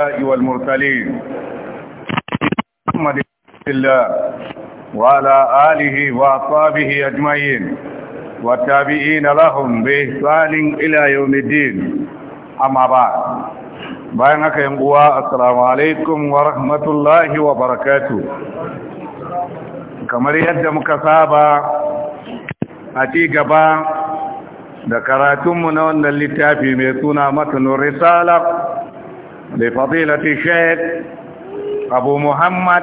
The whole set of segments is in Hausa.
والمرسلين محمد الله وعلى آله وأصحابه أجمعين والتابعين لهم بإحسان إلى يوم الدين أما بعد بينك ينقوى السلام عليكم ورحمة الله وبركاته kamar yadda muka saba a ci gaba da karatunmu na wannan littafi mai suna matanin risala لفضيلة الشيخ أبو محمد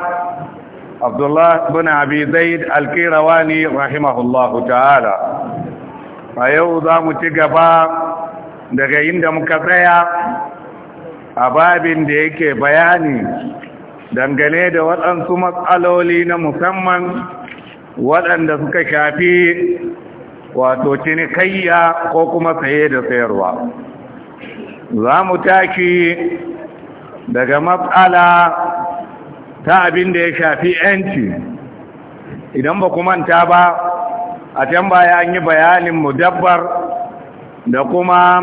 عبد الله بن أبي زيد الكيرواني رحمه الله تعالى أيوضا متقفا daga inda muka tsaya a babin da yake bayani dangane da waɗansu matsaloli na musamman waɗanda suka shafi wato cinikayya ko kuma saye da sayarwa za mu tashi daga matsala ta abin da ya shafi yanci idan ba kuma ta ba a can baya an yi bayanin mu mudabbar da kuma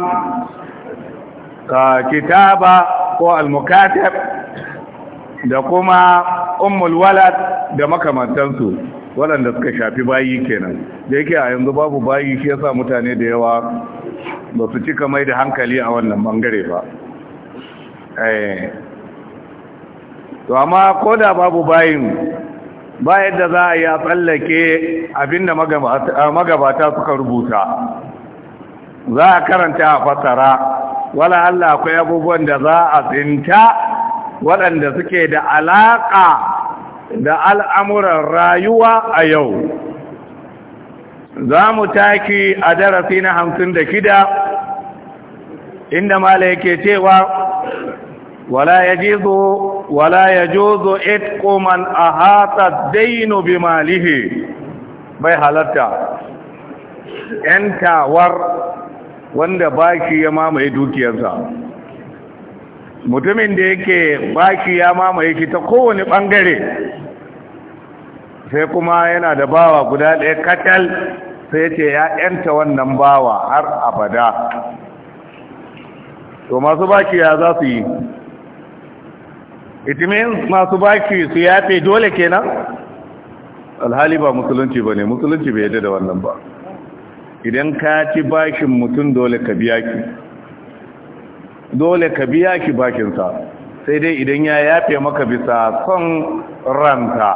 ah, kitaba ko almukatab da kuma ummul walad da makamantansu waɗanda suka shafi bayi kenan da yake a yanzu babu bayi shi yasa mutane da yawa ba su cika mai da hankali a wannan bangare ba Eh. to amma ko da babu bayin ba yadda za a yi a tsallake abinda magabata suka rubuta za a karanta a fasara wala Allah akwai abubuwan da za a tsinta waɗanda suke da alaƙa da al'amuran rayuwa a yau za mu taki a darasi na hamsin da kida inda mala yake cewa wala yajizu wala yajuzu itqu man ahata dainu bimalihi bai halatta wanda baki ya mamaye dukiyarsa mutumin da yake baki ya mamaye ki ta kowane bangare sai kuma yana da bawa guda ɗaya katal sai ce ya yanta wannan bawa har abada to masu baki ya za su yi it means masu baki su yafe dole kenan alhali ba musulunci ba ne musulunci bai yadda da wannan ba idan ka ci bashin mutum dole ka biya ki dole ka biya ki bakinsa sai dai idan ya yafe maka bisa son ranta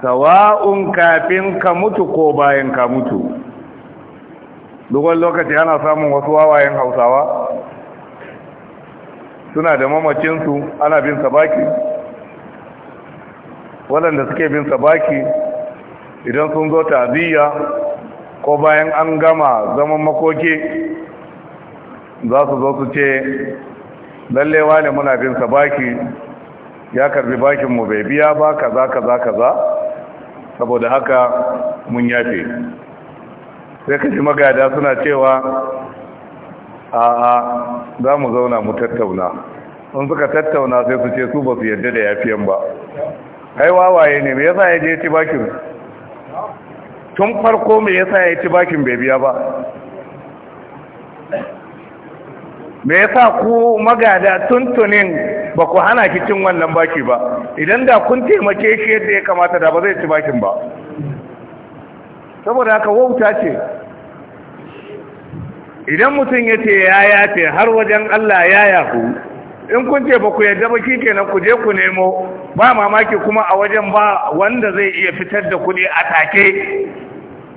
sawa'un kafin ka mutu ko bayan ka mutu duk lokaci ana samun wasu wawayen hausawa suna da mamacinsu ana bin sabaki waɗanda suke bin sabaki idan sun zo ta'aziyya ko bayan an gama zaman makoki za su zo su ce lallewa ne muna bin sabaki ya karbi bakinmu bai biya ba kaza kaza kaza saboda haka mun yafe sai ka magada suna cewa a'a za mu zauna mu tattauna in suka tattauna sai su ce su ba su yadda da yafiyan ba ai wawaye ne me yasa ya je ci bakin tun farko me yasa ya ci bakin bai biya ba me yasa ku magada tuntunin ba ku hana ki cin wannan baki ba idan da kun taimake shi yadda ya kamata da ba zai ci bakin ba saboda haka wauta ce idan mutum ya ce ya yafe har wajen Allah ya yafu in kun ce ba ku yadda ba kike kenan ku je ku nemo ba mamaki kuma a wajen ba wanda zai iya fitar da kuɗi a take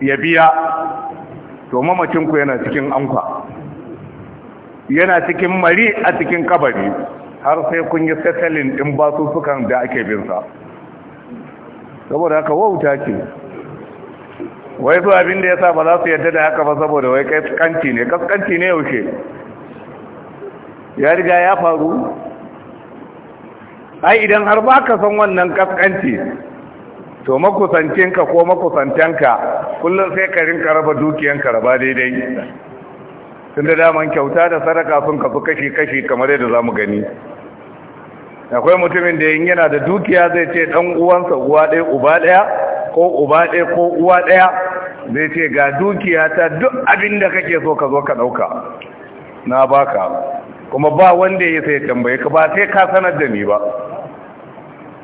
ya biya to mamacinku yana cikin anka yana cikin mari a cikin kabari har sai kun yi settling ɗin basussukan da ake binsa saboda haka wauta ce wai su abin da ya sa ba za su yadda da haka ba saboda wai kaskanci ne kaskanci ne yaushe ya riga ya faru ai idan har ba ka san wannan kaskanci to makusancinka ko makusantanka kullum sai ka rinka raba dukiyanka raba daidai tun da daman kyauta da sadaka sun kafi kashi-kashi kamar yadda za mu gani akwai mutumin da yin yana da dukiya zai ce ɗan uwansa uwa ɗaya uba ɗaya ko uba ɗaya ko uwa ɗaya zai ce ga dukiya ta duk abin da kake so ka zo ka ɗauka na baka kuma ba wanda ya sai tambaye ka ba sai ka sanar da ni ba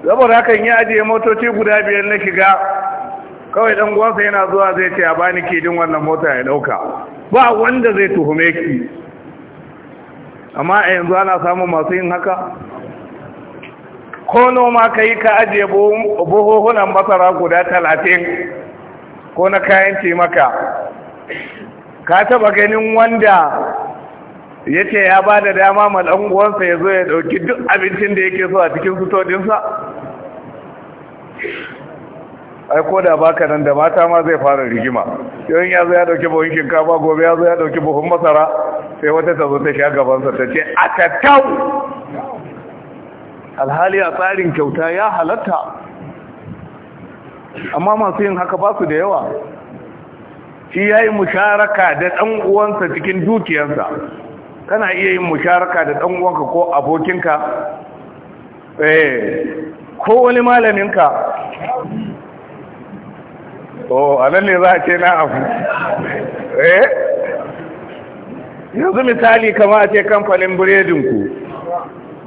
saboda hakan ya ajiye motoci guda biyar na shiga kawai ɗan gwansa yana zuwa zai ce a bani kidin wannan mota ya ɗauka. ba wanda zai tuhume ki amma a yanzu ana samun masu yin haka ko noma ka yi ka ajiye buhuhunan masara guda talatin ko na kayan cimaka ka taba ganin wanda ya ce ya ba da dama mal'anguwansa ya zo ya ɗauki duk abincin da yake so a cikin sutodinsa ai ko da baka nan da mata ma zai fara rigima Yawon ya zo ya dauki buhun shinkafa gobe ya zo ya dauki buhun masara sai wata ta zo ta sha gabansa ta ce a tattau alhali a tsarin kyauta ya halatta amma masu yin haka ba su da yawa shi ya yi musharaka da ɗan uwansa cikin dukiyarsa kana iya yin musharaka da ɗan uwanka ko abokinka Ee. Eh, ko wani malaminka o oh, anan ne za a ce na abu eh yanzu misali kama a ce kamfanin biredinku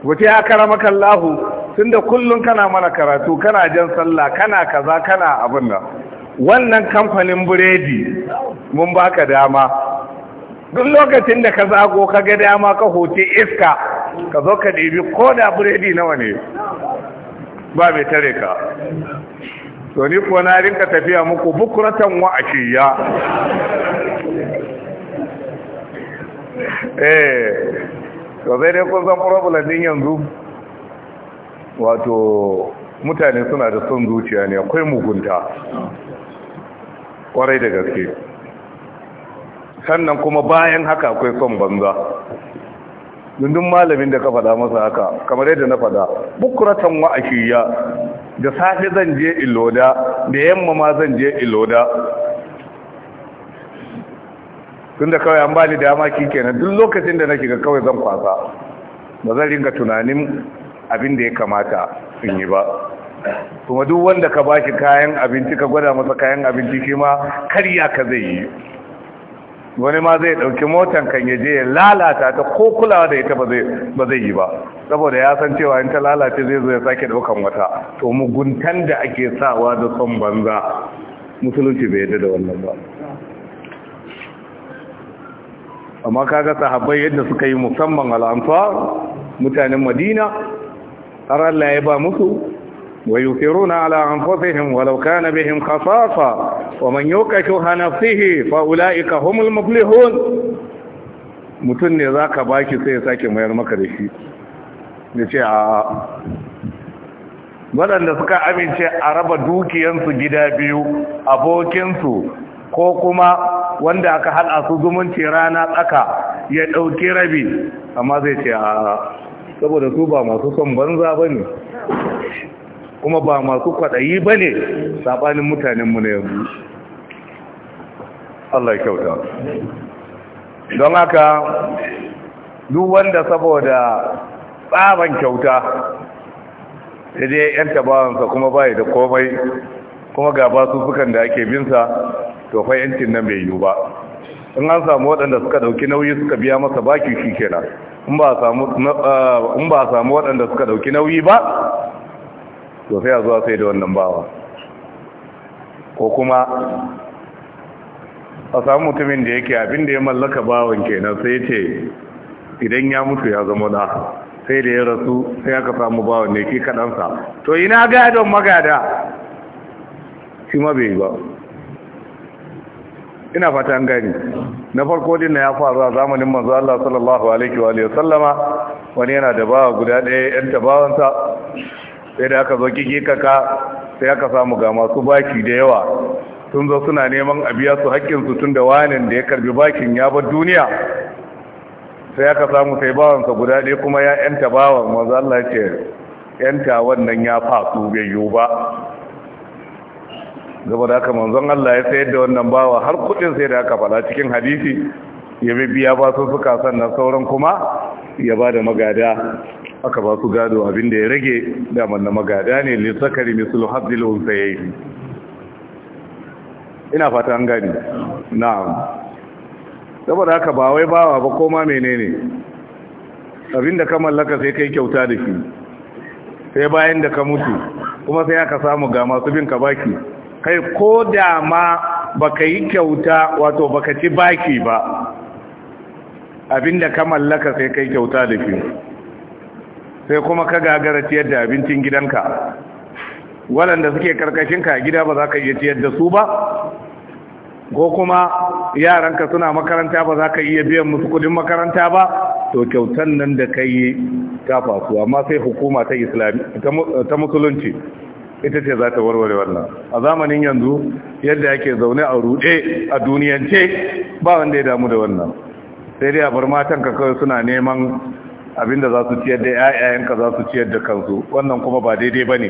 wace ya lahu, tun da kullum kana mana karatu kana jan sallah kana kaza kana abin nan wannan kamfanin buredi mun baka dama duk lokacin da ka zago ka ga dama ka hoce iska ka zo ka ɗebi ko da buredi nawa ne ba mai tare ka to ni kuwa na rinka tafiya muku bukuratan wa ashiya eh to sai dai kun san problem din yanzu wato mutane suna da son zuciya ne akwai mugunta kwarai da gaske sannan kuma bayan haka akwai son banza dundun malamin da ka faɗa masa haka kamar yadda na faɗa bukuratan wa'ashiya da safe zan je iloda da yamma ma zan je iloda tun da kawai an ba ni dama kenan duk lokacin da na shiga kawai zan kwasa ba zan ringa tunanin abin da ya kamata in yi ba kuma duk wanda ka bashi kayan abinci ka gwada masa kayan abinci shi ma karya ka zai yi wani ma zai dauki motan kan ya je ya lalata ta ko kulawa da ita ba zai yi ba saboda ya san cewa in ta lalace zai zo ya sake ɗaukan wata to muguntan da ake sawa da son banza musulunci bai yadda da wannan ba amma ga sahabbai yadda suka yi musamman al'amfar mutanen madina har Allah ya ba musu wa yusiruna ala anfusihim walau kana bihim khasafa wa man yuqashu nafsihi fa ulaika humul muflihun mutun ne zaka baki sai ya sake mayar maka da shi yace a waɗanda suka amince a raba dukiyansu gida biyu abokinsu ko kuma wanda aka haɗa su zumunci rana tsaka ya ɗauki rabi amma zai ce a saboda su ba masu son banza ba ne kuma ba masu kwaɗayi ba ne saɓanin mutanenmu na yanzu Allah ya kyauta don haka duk wanda saboda tsaban kyauta sai dai 'yan tabawansa kuma bai da komai kuma ga basu sukan da ake binsa to fa yancin nan bai yiwu ba in an samu waɗanda suka dauki nauyi suka biya masa baki shi kenan in ba a samu eh, waɗanda suka dauki nauyi ba to sai a zuwa sai da wannan bawa ko kuma a samu mutumin da yake abin da ya mallaka bawan kenan sai ce idan ya mutu ya zama da sai da ya rasu sai aka samu bawan ne ke kaɗansa to ina gadon magada shi ma bai yi ba ina fata an gani na farko din ya faru a zamanin manzo Allah sallallahu alaihi wa sallama wani yana da bawa guda ɗaya ɗan tabawansa sai da aka zo kike kaka sai aka samu ga masu baki da yawa sun zo suna neman a biya su haƙƙin su tun da wanin da ya karbi bakin ya bar duniya sai aka samu sai bawansa guda ɗaya kuma ya yanta tabawan manzo Allah ya ce yanta wannan ya fasu bai yiwu ba gaba da haka manzon Allah ya sayar da wannan bawa har kudin sai da aka fada cikin hadisi ya biya ba su suka sannan sauran kuma ya ba da magada aka ba su gado abin da ya rage daman na magada ne lissakari misul haddil unsayayi ina fata an gani na'am da haka ba wai bawa ba koma menene abinda ka mallaka sai kai kyauta da shi sai bayan da ka mutu kuma sai aka samu ga masu bin ka baki kai ko dama baka yi kyauta wato baka ci baki ba abinda ka mallaka sai kai kyauta da shi sai kuma ka gagara ciyar da abincin gidanka waɗanda suke karkashinka a gida ba za ka iya ciyar da su ba ko kuma yaranka suna makaranta ba za ka iya biyan musu kudin makaranta ba to kyautan nan da ka yi ta fasu amma sai hukuma ta musulunci ita ce za ta warware wannan a zamanin yanzu yadda ake zaune a rude a duniyance ba wanda ya damu da wannan sai dai a bar matan ka kawai suna neman abin da za su ciyar da ka za su ciyar da kansu wannan kuma ba daidai ba ne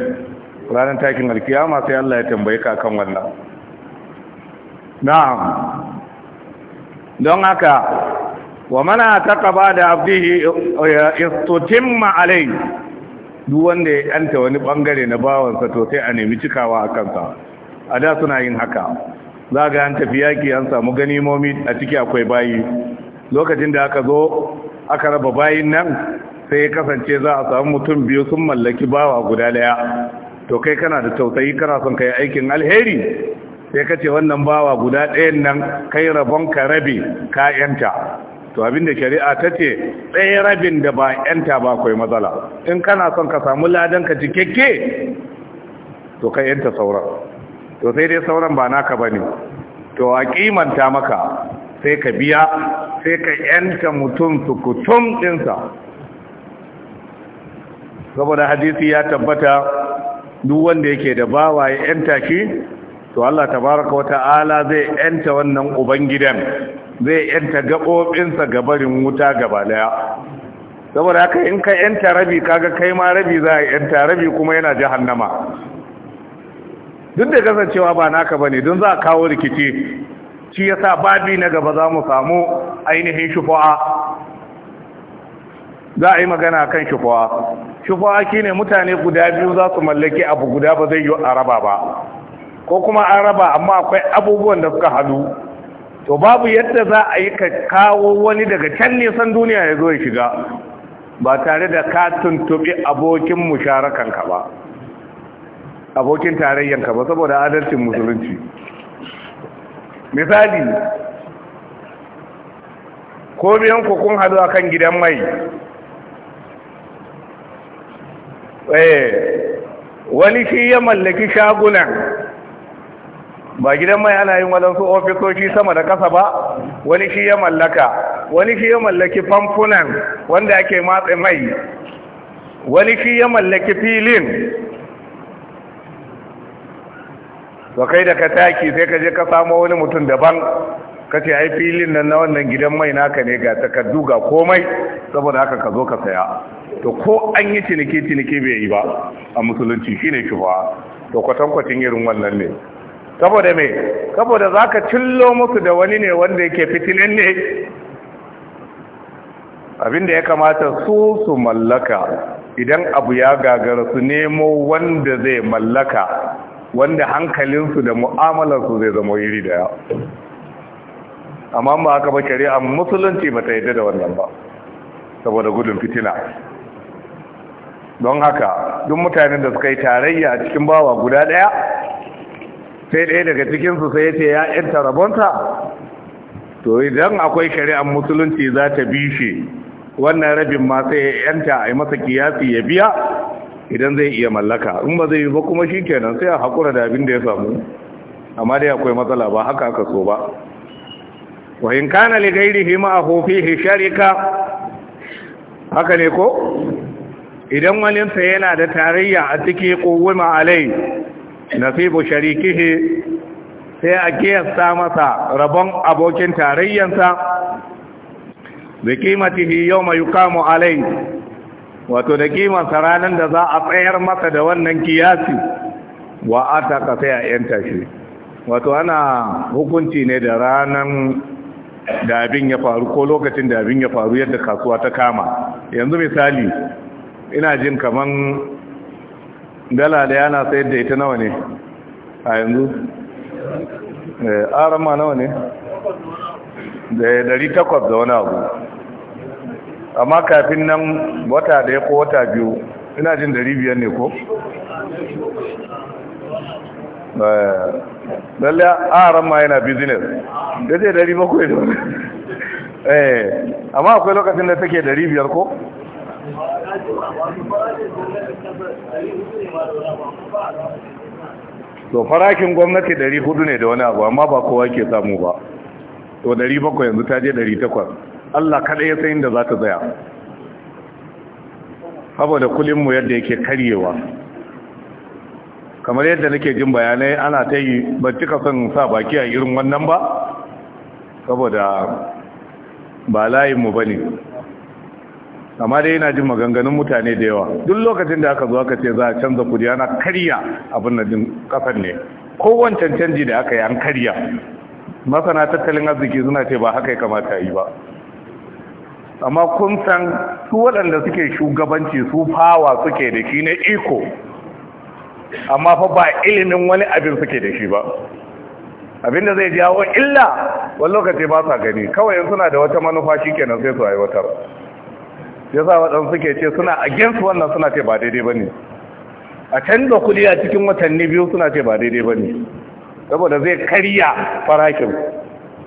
ranar takin alkiyama sai Allah ya tambaye ka kan wannan na'am don haka wa mana taqaba da abdihi istutimma alayhi duk wanda ya yanta wani bangare na bawansa to sai a nemi cikawa a kansa a da suna yin haka za ga an tafi yaki an samu ganimomi a ciki akwai bayi lokacin da aka zo aka raba bayin nan sai ya kasance za a samu mutum biyu sun mallaki bawa guda daya to kai kana da tausayi kana son kai aikin alheri sai ka ce wannan bawa guda ɗayan nan kai rabon ka rabe ka yanta to abinda shari'a ta ce ɗaya rabin da ba yanta ba kai matsala in kana son ka samu ladan ka cikakke to ka yanta sauran to sai dai sauran ba naka bane to a kimanta maka sai ka biya sai ka yanta mutum sukutum dinsa saboda hadisi ya tabbata duk wanda yake da bawa ya yanta shi to Allah tabaraka wata'ala zai yanta wannan ubangidan zai yanta gaɓoɓinsa gabarin wuta gaba daya saboda haka in ka yanta rabi kaga kai ma rabi za a yanta rabi kuma yana jahannama duk da kasancewa ba naka bane don za a kawo rikici shi yasa babi na gaba za mu samu ainihin shufa'a za a yi magana kan shufa'a shufa'a shine mutane guda biyu za su mallaki abu guda ba zai yi araba ba ko kuma araba amma akwai abubuwan da suka hadu to babu yadda za a yi ka kawo wani daga can nisan duniya ya zo ya shiga ba tare da ka tuntuɓi abokin musharakanka ba abokin tarayyanka ba saboda adalcin musulunci misali ko biyan kukun hadu hadu akan gidan mai eh, wani shi ya mallaki shagunan ba gidan mai ana yin wadansu ofisoshi sama da kasa ba wani shi ya mallaka wani shi ya mallaki famfunan wanda ake matsa mai wani shi ya mallaki filin to kai da ka taki sai ka je ka samo wani mutum daban ka ce ai filin nan na wannan gidan mai naka ne ga takardu ga komai saboda haka ka zo ka saya to ko an yi ciniki ciniki bai yi ba a musulunci shine shufa to kwatankwacin irin wannan ne saboda me saboda za ka cillo musu da wani ne wanda yake fitinan ne abinda ya kamata su su mallaka idan abu ya gagara su nemo wanda zai mallaka wanda hankalinsu da mu'amalarsu zai zama iri daya amma ba aka ba shari'a musulunci ba ta yadda da wannan ba saboda gudun fitina don haka duk mutanen da suka yi tarayya a cikin bawa guda daya sai ɗaya daga cikinsu sai ya ce ya ‘yanta rabonta to idan akwai shari'ar musulunci za ta bishe wannan rabin ma sai ya ‘yanta a masa kiyasi ya biya idan zai iya mallaka in ba zai yi ba kuma shi kenan sai a haƙura da abin da ya samu amma dai akwai matsala ba haka aka so ba wa in kana li ghairihi ma fihi sharika haka ne ko idan wani sa yana da tarayya a cikin qawma alai nasibu sharikihi sai a kiyasta masa rabon abokin tarayyansa da kimatihi yau mai yukamu alai wato da kimansa ranar da za a tsayar masa da wannan kiyasi wa ataka sai a yanta shi wato ana hukunci ne da ranar da abin ya faru ko lokacin da abin ya faru yadda kasuwa ta kama yanzu misali ina jin kamar. dala da yana sayar da ita nawa ne a yanzu eh, arama nawa ne da takwas da wani abu amma kafin nan wata da ya ko wata biyu ina jin dari biyar ne ko eh, lalle arama yana business da ce 700 eh amma akwai lokacin da take dari biyar ko to farakin gwamnati hudu ne da wani abu amma ba kowa ke samu ba to 700 yanzu ta je dari 800 Allah kada ya san inda za ta tsaya saboda da mu yadda yake karyewa kamar yadda nake jin bayanai ana ta yi ba cika son sa baki a irin wannan ba saboda ba layinmu ba ne. amma dai yana jin maganganun mutane da yawa duk lokacin da aka zo aka ce za a canza kudi ana karya abin da din kasar ne kowancan canji da aka yi an karya masana tattalin arziki suna ce ba haka ya kamata yi ba amma kun san su waɗanda suke shugabanci su fawa suke da shi na iko amma fa ba ilimin wani abin suke da shi ba Abin da zai jawo illa wani lokaci ba sa gani kawai suna da wata manufa shi kenan sai su aiwatar ya za waɗansu suke ce suna against wannan suna ce ba daidai ba ne a canza kudi a cikin watanni biyu suna ce ba daidai ba ne saboda zai karya farakin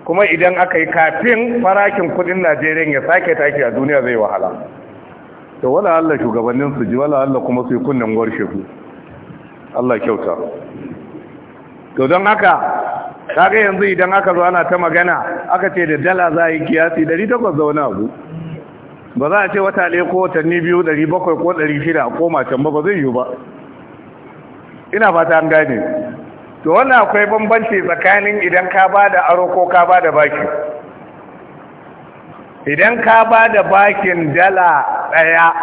kuma idan aka yi kafin farakin kudin najeriya ya sake take a duniya zai wahala to wala Allah shugabannin su ji wala Allah kuma su yi kunnen gwarshe su Allah kyauta to don haka kaga yanzu idan aka zo ana ta magana aka ce da dala za a yi kiyasi 800 zaune abu ba za a ce wata ɗaya ko watanni biyu ɗari bakwai ko ɗari shida a koma can ba ba zai yiwu ba ina fata an gane to wannan akwai bambanci tsakanin idan ka ba da aro ko ka ba da baki idan ka ba da bakin dala ɗaya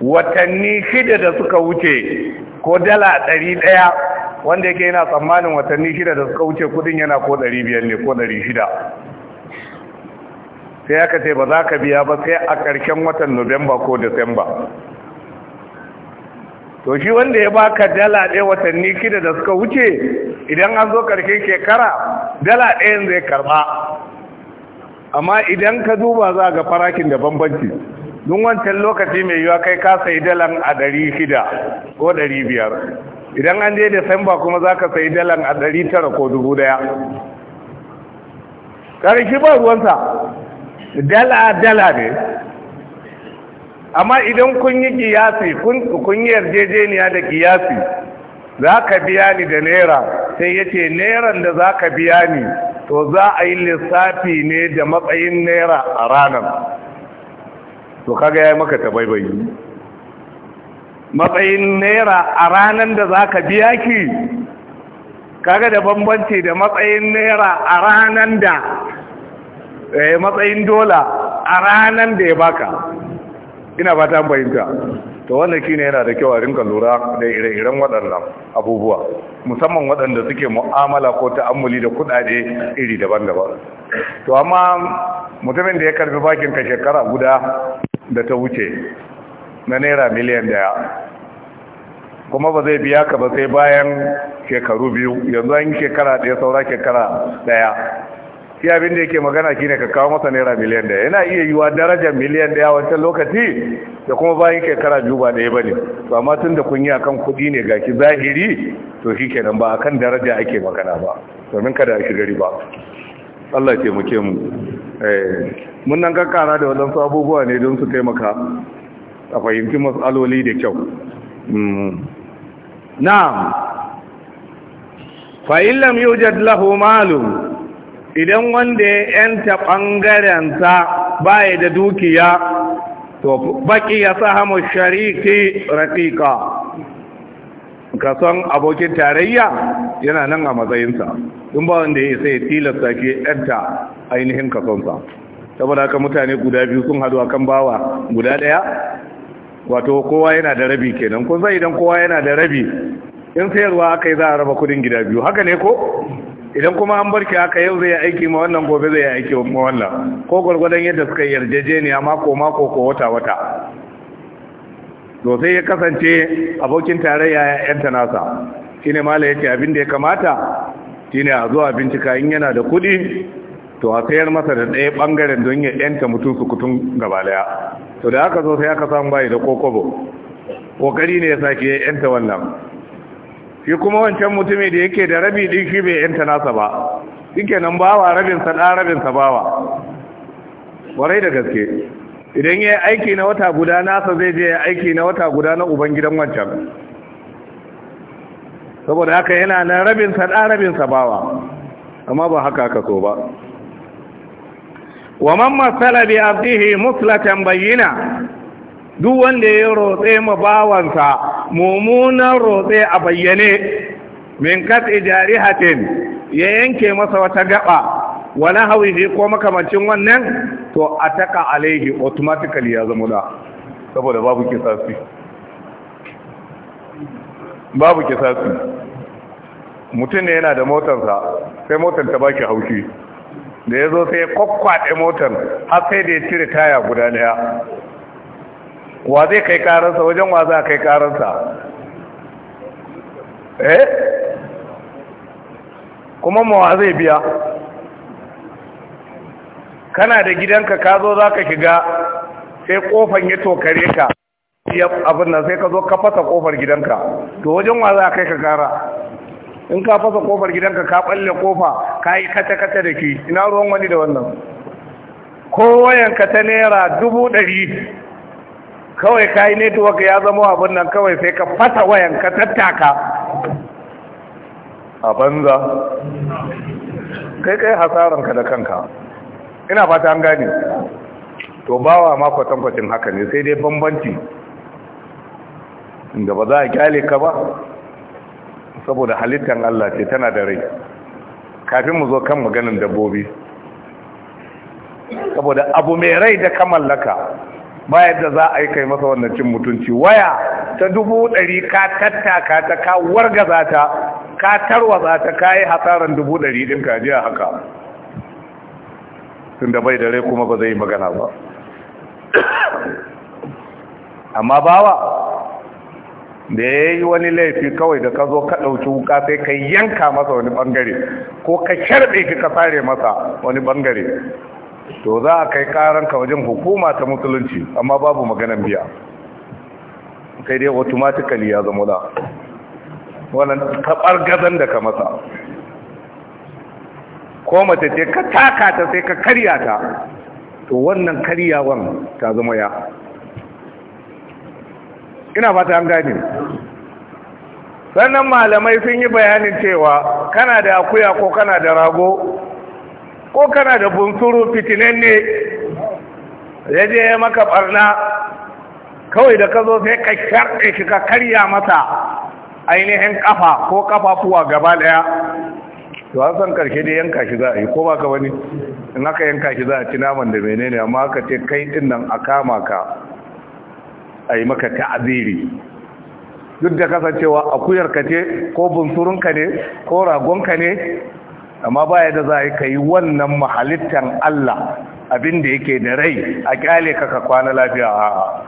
watanni shida da suka wuce ko dala ɗari ɗaya wanda yake yana tsammanin watanni shida da suka wuce kudin yana ko ɗari biyar ne ko ɗari shida sai aka ce ba za ka biya ba sai a ƙarshen watan Nuwamba ko Disamba to shi wanda ya baka dala ɗaya watanni kida da suka wuce idan an zo ƙarshen shekara dala ɗayan zai karɓa amma idan ka duba za ga farakin da bambanci don wancan lokaci mai yiwa kai ka sayi dalan a ɗari shida ko ɗari biyar idan an je Disamba kuma za ka sayi dalan a ɗari tara ko dubu ɗaya ƙarshe ba ruwansa dala-dala ne amma idan kun yi kiyasi kun yi yarjejeniya da kiyasi za ka biya ni da naira sai ya ce nairan da za ka biya ni to za a yi lissafi ne da matsayin naira a ranar to kaga ya yi maka tabaibayi matsayin naira a ranar da za ka biya ki kaga da bambanci da matsayin naira a ranar da Eh, matsayin dola a ranan da ya baka ina ba ta bayinta to wannan shine yana da kyau a rinka lura da ire-iren waɗannan abubuwa musamman waɗanda suke mu'amala ko ta'ammuli da kuɗaɗe iri daban-daban to amma mutumin da ya karbi bakin ka shekara guda da ta wuce na naira miliyan daya kuma ba zai biya ka ba sai bayan shekaru biyu yanzu an yi shekara ɗaya saura shekara ɗaya shi abin da yake magana shine ka kawo masa naira miliyan daya yana iya yiwa darajar miliyan daya wancan lokaci da kuma bayan shekara biyu ba ba ne to amma tun da kun yi a kan kuɗi ne ga gashi zahiri to shi kenan ba a kan daraja ake magana ba domin kada a gari ba. Allah ce muke mu eh, mun nan kakkara da waɗansu abubuwa ne don su taimaka a fahimci matsaloli da kyau hmm. na'am fa illam yujad lahu malum idan wanda ya yanta ɓangarensa baya da dukiya to baki ya sa sahamu shariki raƙiƙa ka son abokin tarayya yana nan a matsayinsa in ba wanda ya sai tilasta ke yanta ainihin kasonsa saboda haka mutane guda biyu sun hadu akan bawa guda ɗaya wato kowa yana da rabi kenan kun sai idan kowa yana da rabi in sayarwa aka yi za a raba kudin gida biyu haka ne ko idan kuma an barki haka yau zai aiki ma wannan gobe zai yi aiki ma wannan ko gwargwadon yadda suka yarjejeniya mako mako ko wata wata Sosai ya kasance abokin tarayya ya yanta nasa shine mala yake abin da ya kamata ne a zuwa bincika in yana da kudi to a sayar masa da ɗaya ɓangaren don ya yanta mutum su kutun gaba daya to da haka zo sai aka samu bayi da kokobo Ƙoƙari ne ya sake ya yanta wannan shi kuma wancan mutumin da yake da rabi din shi bai yanta nasa ba shike nan bawa rabinsa ɗan rabinsa bawa warai da gaske idan ya aiki na wata guda nasa zai je ya aiki na wata guda na ubangidan wancan saboda haka yana nan rabinsa ɗan rabinsa bawa amma ba haka aka so ba wa man masala bi abdihi muslatan bayyina duk wanda ya rotse ma bawansa mummunan rotse a bayyane min katse jarihatin ya yanke masa wata gaba wani hauhi ko makamancin wannan to a taka alaihi automatically ya zama da saboda babu kisasi babu kisasi mutum ne yana da motarsa sai motar ta baki haushi da ya zo sai ya kwakwaɗe motar har sai da ya cire taya guda daya wa zai kai karansa wajen wa za kai karansa eh kuma mawa zai biya kana da gidanka ka zo za ka shiga sai kofan ya tokare ka abin nan sai ka zo ka fasa kofar gidanka to wajen wa za kai ka kara in ka fasa kofar gidanka ka balle kofa ka yi kata-kata da ke, ina ruwan wani da wannan kowayen ka ta naira dubu ɗari kawai ka yi network ya zama abin nan kawai sai ka fasa wayan ka tattaka a banza kai kai hasaranka da kanka ina fata an gane to bawa ma kwatankwacin haka ne sai dai bambanci inda ba za a kyale ka ba saboda halittar Allah ce tana da rai kafin mu zo kan maganin dabbobi saboda abu mai rai da ka mallaka ba yadda za a yi kai masa wannan cin mutunci waya ta dubu ɗari ka tattaka ta ka za ta ka tarwa za ta ka yi hasaran dubu ɗari ɗin ka jiya haka tun da bai da kuma ba zai yi magana ba amma bawa da ya yi wani laifi kawai da ka zo ka ɗauki wuka sai ka yanka masa wani ɓangare ko ka sharɓe ki ka sare masa wani ɓangare to za a kai karanka wajen hukuma ta musulunci amma babu maganan biya kai dai automatically ya zama da wannan tabar gazan da ka masa ko mace ce ka taka ta sai ka karya ta to wannan karyawan ta zama ya ina fata an gane sannan malamai sun yi bayanin cewa kana da akuya ko kana da rago ko kana da bunsuru fitinan ne ya je ya maka barna kawai da ka zo sai ka sharɗe shi ka karya masa ainihin kafa ko ƙafafuwa gaba daya to an san karshe dai yanka shi za a yi ko ba ka wani in aka yanka shi za a ci naman da menene amma aka ce kai din nan a kama ka a yi maka ta'aziri duk da kasancewa ka ce ko bunsurunka ne ko ragonka ne amma ba yadda za a yi wannan mahalittan Allah abinda yake da rai a kyale kaka kwana lafiya a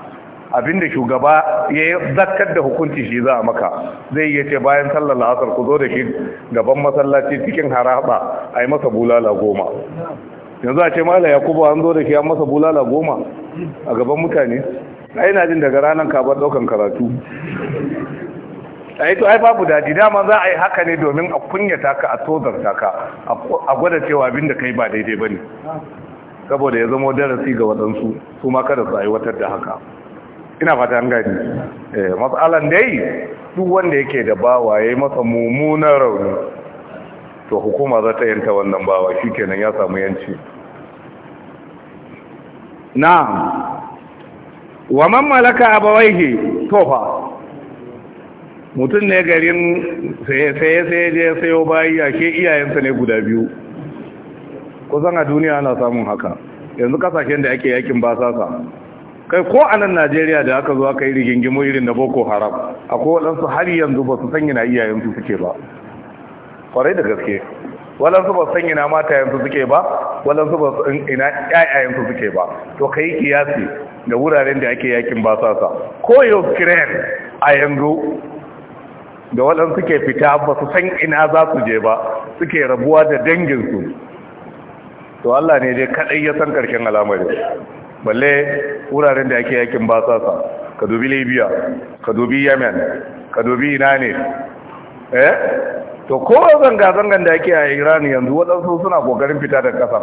abinda shugaba ya zakar da hukunci shi za a maka zai iya ce bayan sallar asar ku zo da shi gaban masallaci cikin haraba a yi masa bulala goma yanzu a ce mala yakubu an zo da shi an masa bulala goma a gaban mutane ai na jin daga ranar kabar daukan karatu ai to ai babu dadi dama za a yi haka ne domin a kunyata ka a tozarta ka a gwada cewa abin da kai ba daidai ba ne saboda ya zama darasi ga waɗansu su ma kada su aiwatar da haka ina fata an gani eh, matsalan dai duk wanda yake da bawa ya yi masa mummunan rauni to hukuma za ta yanta wannan bawa shi kenan ya samu yanci na wa man malaka abawaihi tofa mutum ne garin saye-saye je sayo bayi a ke iyayensa ne guda biyu kusan a duniya ana samun haka yanzu kasashen da ake yakin sasa kai ko a nan najeriya da aka zo aka yi rigingimo irin da boko haram akwai waɗansu har yanzu ba su sanya na iyayensu suke ba kwarai da gaske Walansu ba san mata matayensu suke ba Walansu ba su ina yayayensu suke ba to ka yi kiyasi da wuraren da ake yakin sasa ko yau kiran a yanzu da waɗansu suke fita ba su san ina za su je ba suke rabuwa da danginsu to Allah ne dai kaɗai ya san ƙarshen al'amari balle wuraren da ake yakin ba sa, ka dubi libya ka dubi yemen ka dubi ina ne eh to ko zanga-zangan da ake a iran yanzu waɗansu suna ƙoƙarin fita da ƙasa.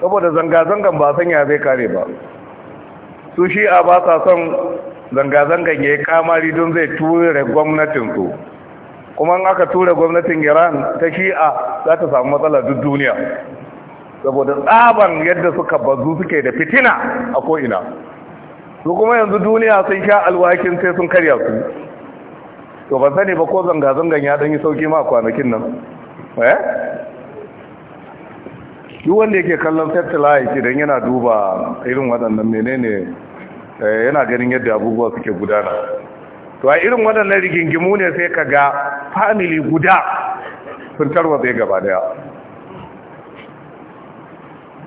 saboda zanga-zangan ba san ya zai kare ba su a ba sa son zanga-zangan ya yi kamari don zai ture gwamnatinsu kuma aka ture gwamnatin iran ta shi'a za ta samu matsala duk duniya saboda tsaban yadda suka bazu suke da fitina a ko'ina su kuma yanzu duniya sun sha alwakin sai sun karya su to ban sani ba ko zanga-zangan ya ɗanyi sauki ma kwanakin nan eh duk wanda yake kallon ce idan yana duba irin waɗannan menene Eh, yana ganin yadda abubuwa suke gudana to a irin waɗannan rigingimu ne sai ka ga family guda sun zai gaba daya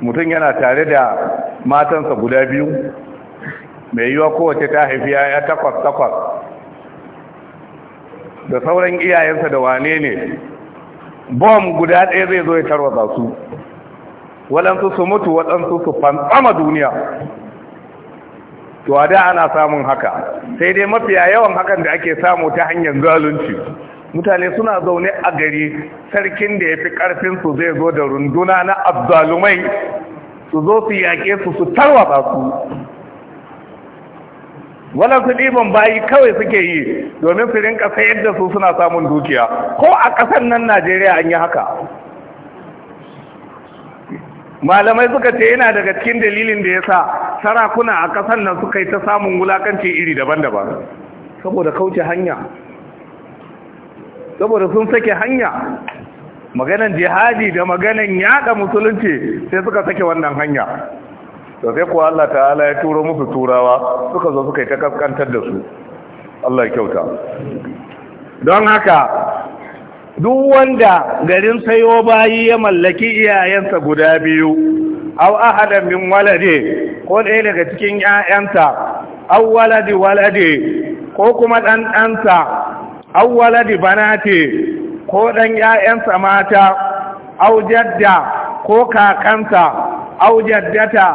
mutum yana tare da matansa guda biyu mai yiwa kowace ta haifi ya takwas takwas da sauran iyayensa da wane ne bom guda ɗaya zai zo ya za su waɗansu su mutu waɗansu su fantsama duniya to a da ana samun haka sai dai mafiya yawan hakan da ake samu ta hanyar zalunci mutane suna zaune a gari sarkin da ya fi ƙarfinsu zai zo da runduna na abdalumai su zo su yaƙe su su tarwatsa su su ɗiban bayi kawai suke yi domin su rinka sayar da su suna samun dukiya ko a ƙasar nan najeriya an yi haka malamai suka ce yana daga cikin dalilin da ya sa sarakuna a ƙasar nan suka yi ta samun wulakanci iri daban-daban saboda kauce hanya saboda sun sake hanya maganan jihadi da maganan yaɗa musulunci sai suka sake wannan hanya da sai kuwa Allah ta'ala ya turo musu turawa suka zo suka yi ta kaskantar da su Allah ya kyauta don haka duk wanda garin sayo bayi ya mallaki iyayensa guda biyu aw ahadan min walade ko ɗaya daga cikin 'ya'yansa, aw waladi walade ko kuma ɗanɗansa, ɗanta aw waladi banate ko ɗan 'ya'yansa mata aw jadda ko kakansa, aw jaddata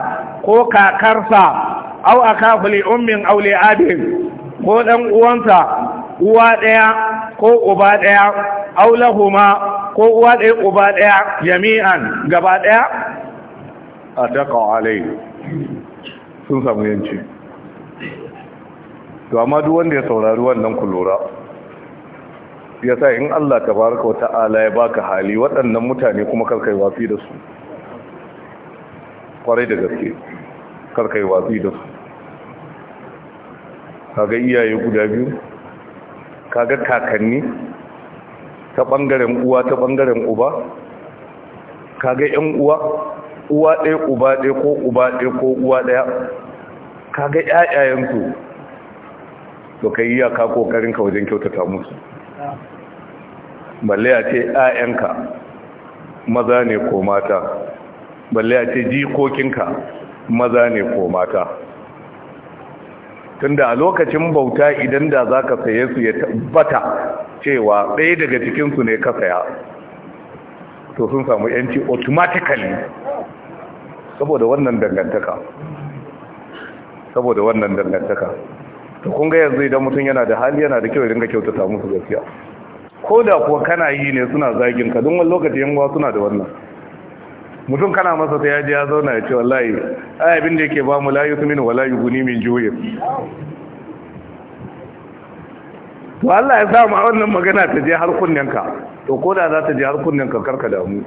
ko kakarsa aw akafuli ummin aule adin ko ɗan uwansa uwa ɗaya ko uba ɗaya aulahuma ko uwa ɗaya uba ɗaya jami'an gaba ɗaya a taƙa alai sun samu yanci to amma duk wanda ya saurari wannan kullura ya sa in Allah tabaraka wa ta'ala ya baka hali waɗannan mutane kuma karkai wafi da su kwarai da gaske karkai wafi da su kaga iyaye guda biyu kaga kakanni ta ɓangaren uwa ta ɓangaren uba kaga yan uwa uwa ɗaya uba ɗaya ko uba ɗaya ko uwa ɗaya kaga ƴaƴayensu to kai iyaka kokarin ka wajen kyautata musu balle a ce ƴaƴanka maza ne ko mata balle a ce jikokinka maza ne ko mata tunda a lokacin bauta idan da za ka saye su ya tabbata cewa ɗaya daga cikinsu ne ka saya to sun samu yanci automatically saboda wannan dangantaka saboda wannan dangantaka to kun ga yanzu idan mutum yana da hali yana da kyau idan ka kyautata musu gaskiya ko da kuwa kana yi ne suna zagin ka don wani lokaci yan suna da wannan mutum kana masa ta yaji ya zauna ya ce wallahi ai abin da yake ba mu la yusmin wala yuguni min juyin. to Allah ya sa mu a wannan magana ta je har kunnenka to koda za ta je har kunnenka karka damu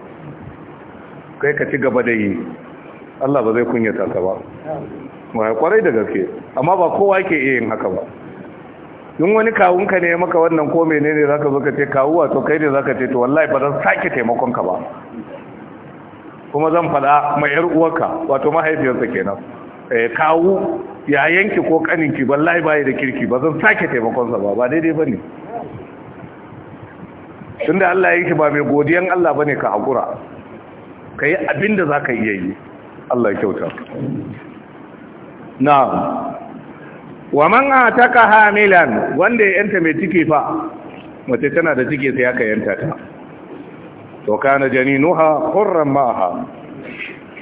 kai ka ci gaba da yi Allah ba zai kunyata ka ba ya kwarai da gaske amma ba kowa ke iya yin haka ba in wani kawunka ne maka wannan ko menene zaka zo ka ce kawuwa to kai ne zaka ce to wallahi ba zan sake taimakon ka ba kuma zan fada mai yar uwarka wato mahaifiyarsa kenan eh, kawu ya yanki ko kaninki wallahi bai da kirki ba zan sake taimakonsa ba ba daidai bane tunda Allah ya yi ba mai godiyan Allah bane ka hakura kai abinda zaka iya yi Allah ya kyauta Na, wa man ataka hamilan wanda ya yanta mai ciki fa mace tana da ciki sai aka yanta ta to kana janinuha hurran maha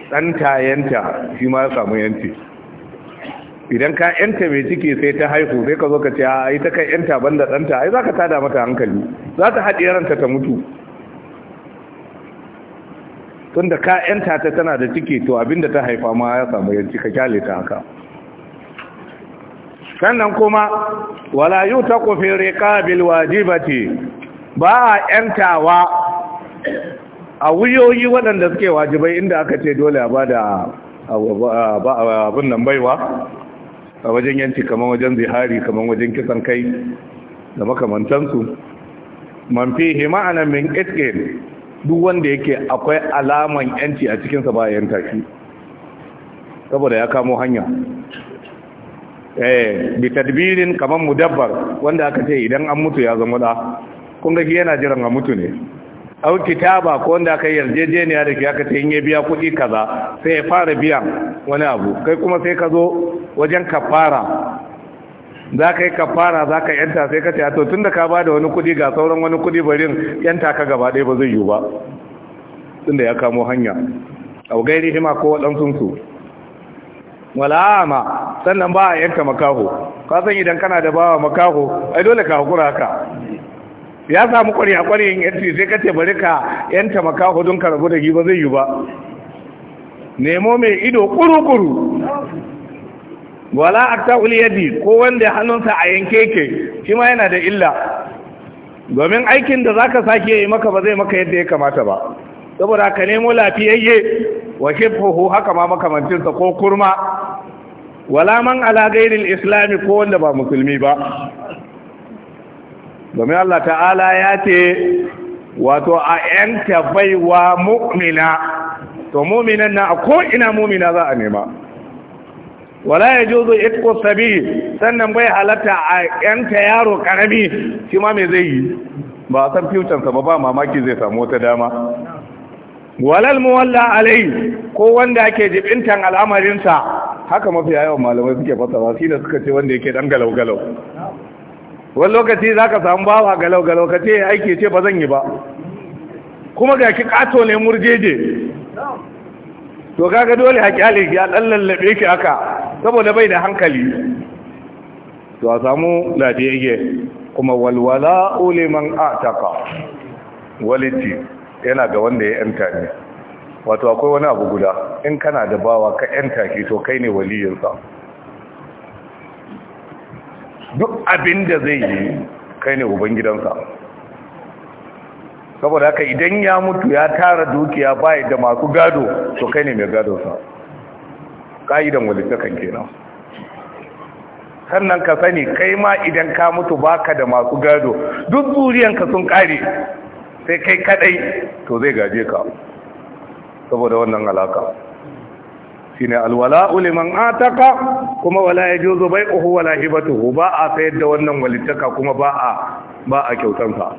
dan tayanta shi ma samu yanci idan ka yanta mai ciki sai ta haihu sai ka zo ka ce ai ta kai yanta banda danta ai zaka tada mata hankali za ta haɗe ranta ta mutu tunda ka yanta ta tana da ciki to abinda ta haifa ma ya samu yanci ka kyale ta haka sannan kuma wala yutaqu fi riqabil wajibati ba yantawa a wuyoyi waɗanda suke wajibai inda aka ce dole a ba da abin nan baiwa a wajen yanci kamar wajen zihari kamar wajen kisan kai da makamantansu man he ma'ana min itqin duk wanda yake akwai alaman yanci a cikinsa ba yanta tashi saboda ya kamo hanya eh bi tadbirin kamar mudabbar wanda aka ce idan an mutu ya zama da kun ga yana jiran a mutu ne au kitaba ko wanda aka yarjejeniya da ke aka ce in ya biya kuɗi kaza sai ya fara biyan wani abu kai kuma sai ka zo wajen kafara za ka yi kafara za ka yanta sai ka ce to tun da ka ba da wani kuɗi ga sauran wani kuɗi barin yanta ka gaba ɗaya ba zai yiwu ba tun da ya kamo hanya au gairi hima ko waɗansunsu wala'ama sannan ba a yanka makaho ka san idan kana da bawa makaho ai dole ka haƙura haka ya samu ƙwarya ƙwaryan yanci sai ka ce bari ka yanta maka hudun ka rabu da gi ba zai yi ba nemo mai ido kuru-kuru wala akta yadi ko wanda hannunsa a yanke ke shi ma yana da illa domin aikin da zaka sake yi maka ba zai maka yadda ya kamata ba saboda ka nemo lafiyayye wa shifuhu haka ma makamancinsa ko kurma wala man ala gairin islami ko wanda ba musulmi ba domin Allah ta'ala ya ce wato a yanka baiwa mu'mina to mu'minan na a ko'ina mu'mina za a nema wala ya juzu itko sabi sannan bai halatta a 'yanta yaro karami shi ma me zai yi ba a san fiutansa ba ba mamaki zai samu wata dama walal muwalla alai ko wanda ake jibintan al'amarinsa haka mafi yawan malamai suke fasawa shi ne suka ce wanda yake dan galau-galau wani lokaci za ka samu bawa galau galau ka ce aiki ce ba zan yi ba kuma ga ki kato ne murjeje to kaga dole haƙi a ɗan lallaɓe ki aka saboda bai da hankali to a samu lafiyayye kuma walwala a ataka waliti yana ga wanda ya yanta ne wato akwai wani abu guda in kana da bawa ka yanta ki to kai ne waliyinsa duk abin da zai yi kai ne ubangidansa saboda haka idan ya mutu ya tara dukiya bai da masu gado to kai ne mai sa, ƙa'idan wani walittakan kenan sannan ka sani kai ma idan ka mutu baka da masu gado duk zuriyanka sun kare sai kai kadai to zai gaje ka saboda wannan alaka shine alwala uliman ataka kuma wala yajuzu bai'uhu wala hibatuhu ba a sayar da wannan walittaka kuma ba a ba a kyautansa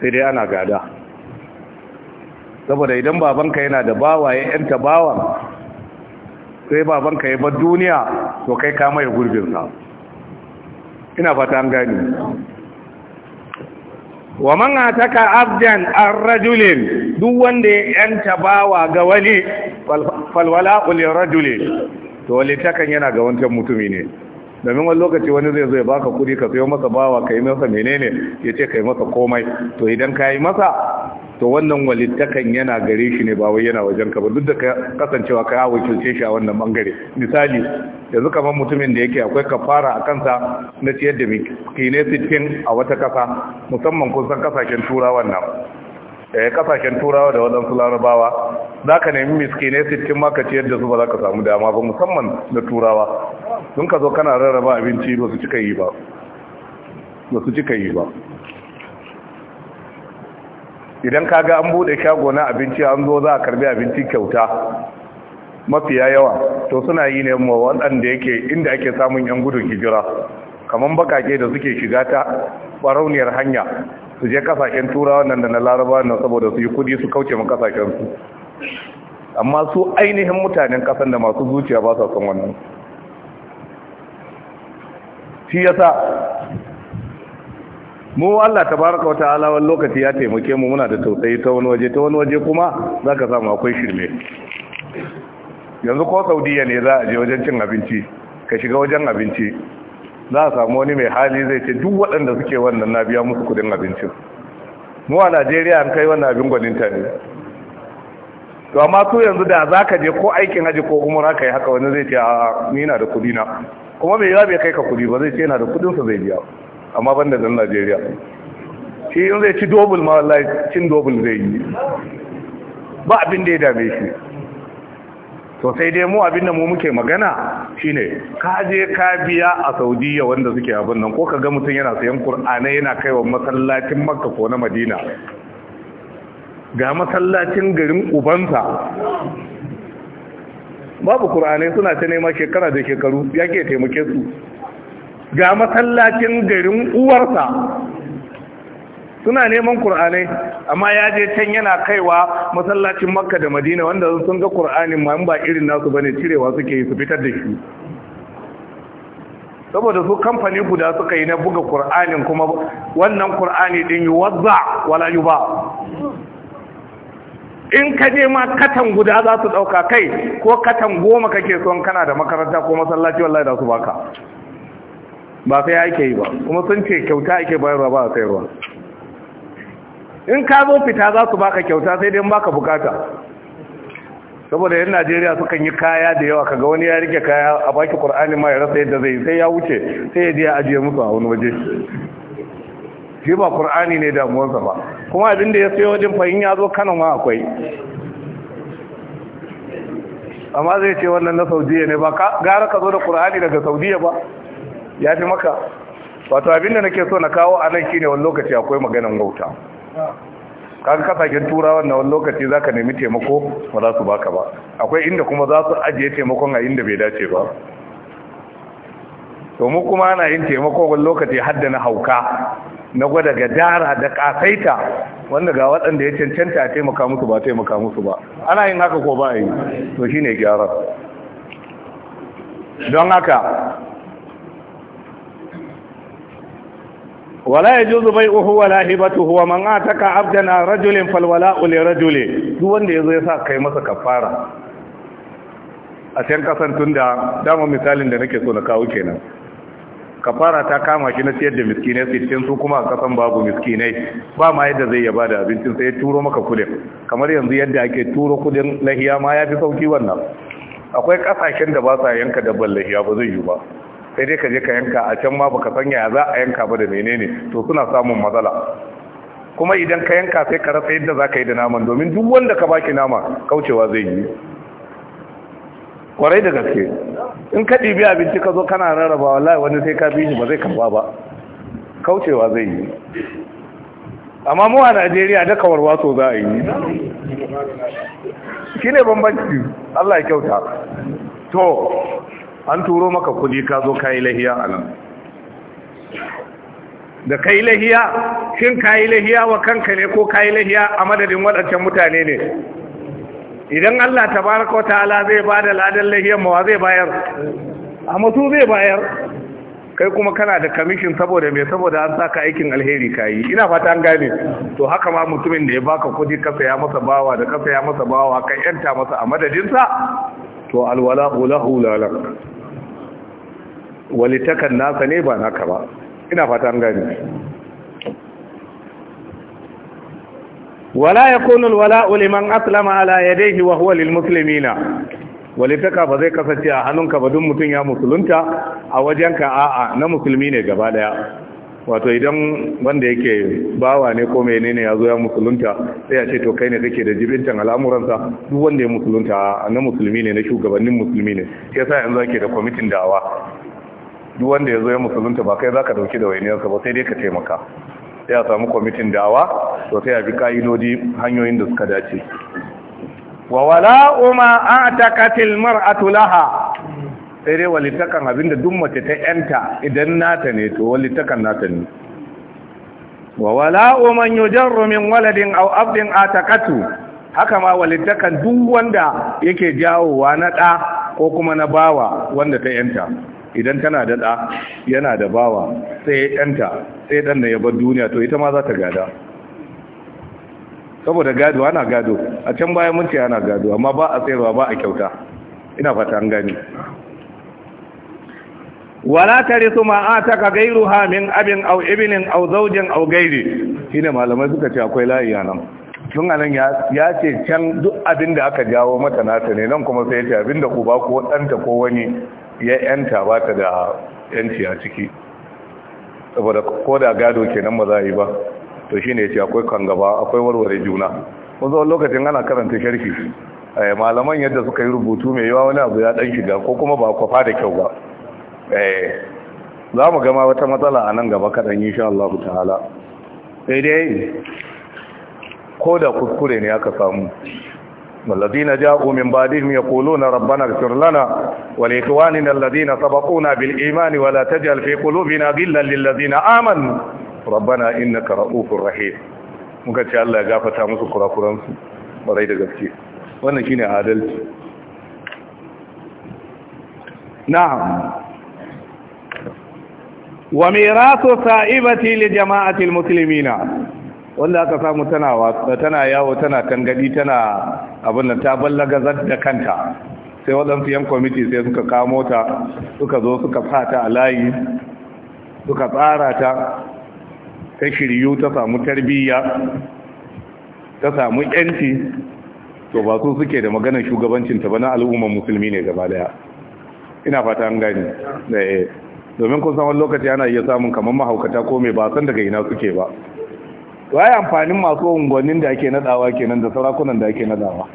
sai dai ana gada saboda idan babanka yana da bawa ya yanta bawa sai babanka ya bar duniya to kai ka mai gurbin sa ina fata an gani wa man ataka abdan ar-rajulin duk wanda ya yanta bawa ga wani falwala ulil rajulin to wali takan yana ga wancan mutumi ne domin wani lokaci wani zai zo ya baka kudi ka sayo masa bawa kai masa menene ya ce kai masa komai to idan ka yi masa to wannan walittakan yana gare shi ne ba wai yana wajen ka ba duk da kasancewa ka wakilce shi a wannan bangare misali yanzu kamar mutumin da yake akwai kafara a kansa na ciyar da kine sittin a wata kasa musamman kun san kasashen turawa nan eh kasashen turawa da wadansu larabawa zaka nemi miskine sittin ma ka ciyar da su ba za ka samu dama ba musamman na turawa sun ka zo kana rarraba abinci ba su cika yi ba ba su cika yi ba idan ka ga an bude shago na abinci an zo za a karbi abinci kyauta mafiya yawa to suna yi ne mu waɗanda yake inda ake samun yan gudun hijira kamar bakake da suke shiga ta barauniyar hanya su je kasashen turawa nan da na laraba nan saboda su yi kudi su kauce mu kasashen su amma su ainihin mutanen kasan da masu zuciya ba sa son wannan shi yasa mu Allah tabaraka wataala wani lokaci ya taimake mu muna da tausayi ta wani waje ta wani waje kuma zaka samu akwai shirme yanzu ko Saudiya ne za a je wajen cin abinci ka shiga wajen abinci za a samu wani mai hali zai ce duk waɗanda suke wannan na biya musu kudin abincin mu a Najeriya an kai wannan abin gwaninta ne to amma su yanzu da za ka je ko aikin haji ko umara ka yi haka wani zai ce a ni na da kudina kuma mai yawa bai kai ka kudi ba zai ce yana da kudinsa zai biya amma ban da Najeriya shi in zai ci dobul ma wallahi cin dobul zai yi ba abin da ya dame shi to sai dai mu abin da mu muke magana shine ka je ka biya a Saudiya wanda suke abin nan ko ka ga mutum yana sayan Kur'ana yana kaiwa masallacin Makka ko na Madina ga masallacin garin ubansa babu Qur'ani suna ta nema shekara da shekaru yake taimake su ga masallacin garin uwarsa suna neman Kur'anai, amma ya je can yana kaiwa masallacin makka da madina wanda sun ga ƙur'anin ma ba irin nasu bane cirewa suke yi su fitar da shi saboda su kamfani guda suka yi na buga ƙur'anin kuma wannan ƙur'ani ɗin yi wazza wala yi ba in ka je ma katan guda za su ɗauka kai ko katan goma kake son kana da makaranta ko masallaci wallahi da su baka ba sai ake yi ba kuma sun ce kyauta ake bayarwa ba a sayarwa in ka zo fita za su baka kyauta sai dai baka bukata saboda yan najeriya sukan yi kaya da yawa kaga wani ya rike kaya a baki Kur'ani ma ya rasa yadda zai sai ya wuce sai ya je ya ajiye musu a wani waje shi ba qur'ani ne damuwarsa ba kuma abin da ya sayo wajen fahim ya zo kano ma akwai amma zai ce wannan na saudiya ne ba gara ka zo da qur'ani daga saudiya ba ya fi maka wato abinda nake so na kawo a nan shine wani lokaci akwai maganin wauta kaga kasashen turawan na wani lokaci za ka nemi taimako ba za su baka ba akwai inda kuma za su ajiye taimakon a inda bai dace ba domin kuma ana yin taimako wani lokaci hadda na hauka na gwada gadara da kasaita wanda ga waɗanda ya cancanta a taimaka musu ba taimaka musu ba ana yin haka ko ba yi to shine gyara don haka wala yajuzu bai'uhu wala hibatuhu wa man ataka abdan rajulin falwala'u li rajuli duk wanda yazo ya sa kai masa kafara a can kasan tunda dama misalin da nake so na kawo kenan kafara ta kama shi na siyar da miskinai sittin su kuma kasan babu miskinai ba ma yadda zai yaba da abincin sai ya turo maka kudin kamar yanzu yadda ake turo kudin lahiya ma ya fi sauki wannan akwai kasashen da ba sa yanka dabban lahiya ba zai yi ba sai dai ka je ka yanka a can ma baka san yaya za a yanka ba da menene to suna samun matsala kuma idan ka yanka sai ka rasa yadda za ka yi da naman domin duk wanda ka baki nama kaucewa zai yi kwarai da gaske in ka ɗibi abinci ka zo kana rarraba wallahi wani sai ka bi shi ba zai karba ba kaucewa zai yi amma mu a najeriya da kawarwa so za a yi shi ne bambanci allah ya kyauta to an turo maka kudi ka zo kayi lahiya a nan da kayi lahiya shin kayi lahiya wa kanka ne ko kayi lahiya a madadin waɗancan mutane ne idan Allah ta baraka wata ala zai ba da ladan lahiyar mawa zai bayar a mutu zai bayar kai kuma kana da kamishin saboda mai saboda an saka aikin alheri kayi ina fata an gane to haka ma mutumin da ya baka kudi ka saya masa bawa da ka saya masa bawa kan yanta masa a madadinsa to alwala lahu lalaka walitakan nasa ne ba naka ba ina fata an gani wala yakunu alwala'u liman aslama ala yadayhi wa huwa lilmuslimina walitaka ba zai kasance a hannunka ba duk mutum ya musulunta a wajenka a'a na musulmi ne gaba daya wato idan wanda yake bawa ne ko menene ya zo ya musulunta sai ya ce to kai ne kake da jibintan al'amuransa duk wanda ya musulunta na musulmi ne na shugabannin musulmi ne sai yasa yanzu ake da kwamitin dawa duk wanda ya zo ya musulunta ba kai za ka dauki da wainiyarsa ba sai dai ka taimaka sai a samu kwamitin dawa to sai a bi ka'idodi hanyoyin da suka dace wa wala'u ma atakatil mar'atu laha sai dai walittakan abinda duk mace ta yanta idan nata ne to walittakan nata ne wa wala man yujarru min waladin aw abdin atakatu haka ma walittakan duk wanda yake jawowa na da ko kuma na bawa wanda ta yanta idan tana da ɗa yana da bawa sai ɗanta sai ɗan na yabar duniya to ita ma za ta gada saboda gado ana gado a can bayan mun ce ana gado amma ba a tsayarwa ba a kyauta ina fata an gani wala su ma ka gairu min abin au ibinin au zaujin au gairi ne malamai suka ce akwai layi nan tun anan ya ce can duk abin da aka jawo mata nata ne nan kuma sai ya ce abin da ku ba ko ɗanta ko wani ya yanta ba ta da yanci a ciki saboda ko da gado kenan ba za a yi ba to shine ya ce akwai kangaba akwai warware juna wanzu wani lokacin ana karanta sharhi eh, malaman yadda suka yi rubutu mai yawa wani abu ya dan shiga ko kuma ba fa da kyau ba eh, za mu gama wata matsala a nan gaba kaɗan insha Allah ta'ala sai dai ko da kuskure ne aka samu والذين جاءوا من بعدهم يقولون ربنا اغفر لنا ولإخواننا الذين سبقونا بالإيمان ولا تجعل في قلوبنا غلا للذين آمنوا ربنا إنك رؤوف رحيم muka ce Allah ya gafata musu kurakuransu barai da gaske wannan shine adalci na'am wa mirasu sa'ibati li jama'atil wanda aka samu tana tana yawo tana tangadi tana abin da ta ballagazar da kanta sai waɗansu yan kwamiti sai suka kamo ta suka zo suka fata a layi suka tsara ta ta shiryu ta samu tarbiyya ta samu yanci to ba su suke da maganar shugabancinta ba na al'ummar musulmi ne gaba daya ina fata an gani eh, eh. domin kun samun lokaci ana iya samun kamar mahaukata ko mai basan daga ina suke ba to ai amfanin masu unguwannin da ake nadawa kenan da sarakunan da ake nadawa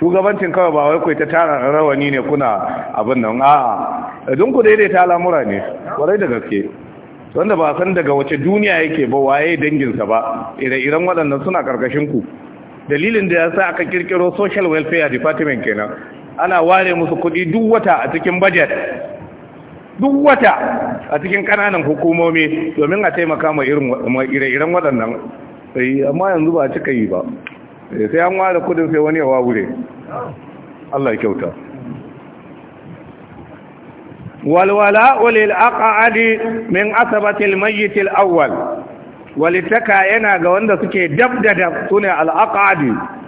shugabancin kawai ba wai kai ta tara rawani ne kuna abin nan a'a idan ku daidaita al'amura ne kwarai da gaske wanda ba san daga wace duniya yake ba waye danginsa ba ire-iren waɗannan suna karkashin ku dalilin da ya sa aka kirkiro social welfare department kenan ana ware musu kuɗi duk wata a cikin budget duk wata a cikin kananan hukumomi domin a taimaka ma ire-iren waɗannan amma yanzu ba a cika yi ba eh, sai an ware kudin sai wani yawa wure Allah kyauta walwala ulil aqadi min asabatil mayyit al awwal walitaka yana ga wanda suke dab da dab sune al aqadi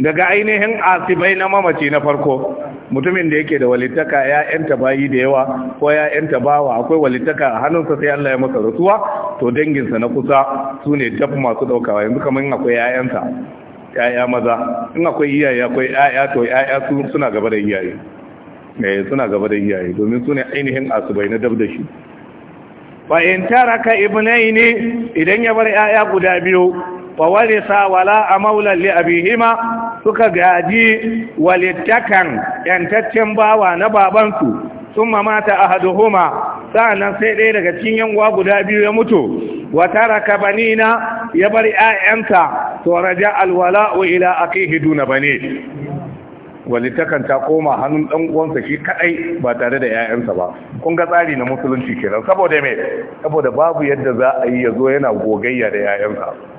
daga ainihin asibai na mamaci na farko mutumin da yake da walittaka ya yanta bayi da yawa ko ya yanta bawa akwai walittaka a hannunsa sai Allah ya masa rasuwa to danginsa na kusa su ne tafi masu ɗaukawa yanzu kamar akwai ya'yansa ya'ya maza in akwai iyaye akwai ya'ya to ya'ya suna gaba da iyaye eh suna gaba da iyaye domin su ne ainihin asibai na dab da shi fa in taraka ibnaini idan ya bar ya'ya guda biyu wa wala a maulan Abihima suka gaji walittakan yantaccen bawa na babansu sun mamata a haduhuma nan sai ɗaya daga cikin yanguwa guda biyu ya mutu wa taraka banina ya bar ya'yanta to raja alwala'u ila hidu na bane walittakan ta koma hannun ɗan shi kaɗai ba tare da 'ya'yansa ba kun ga tsari na musulunci kenan saboda me saboda babu yadda za a yi ya zo yana gogayya da 'ya'yansa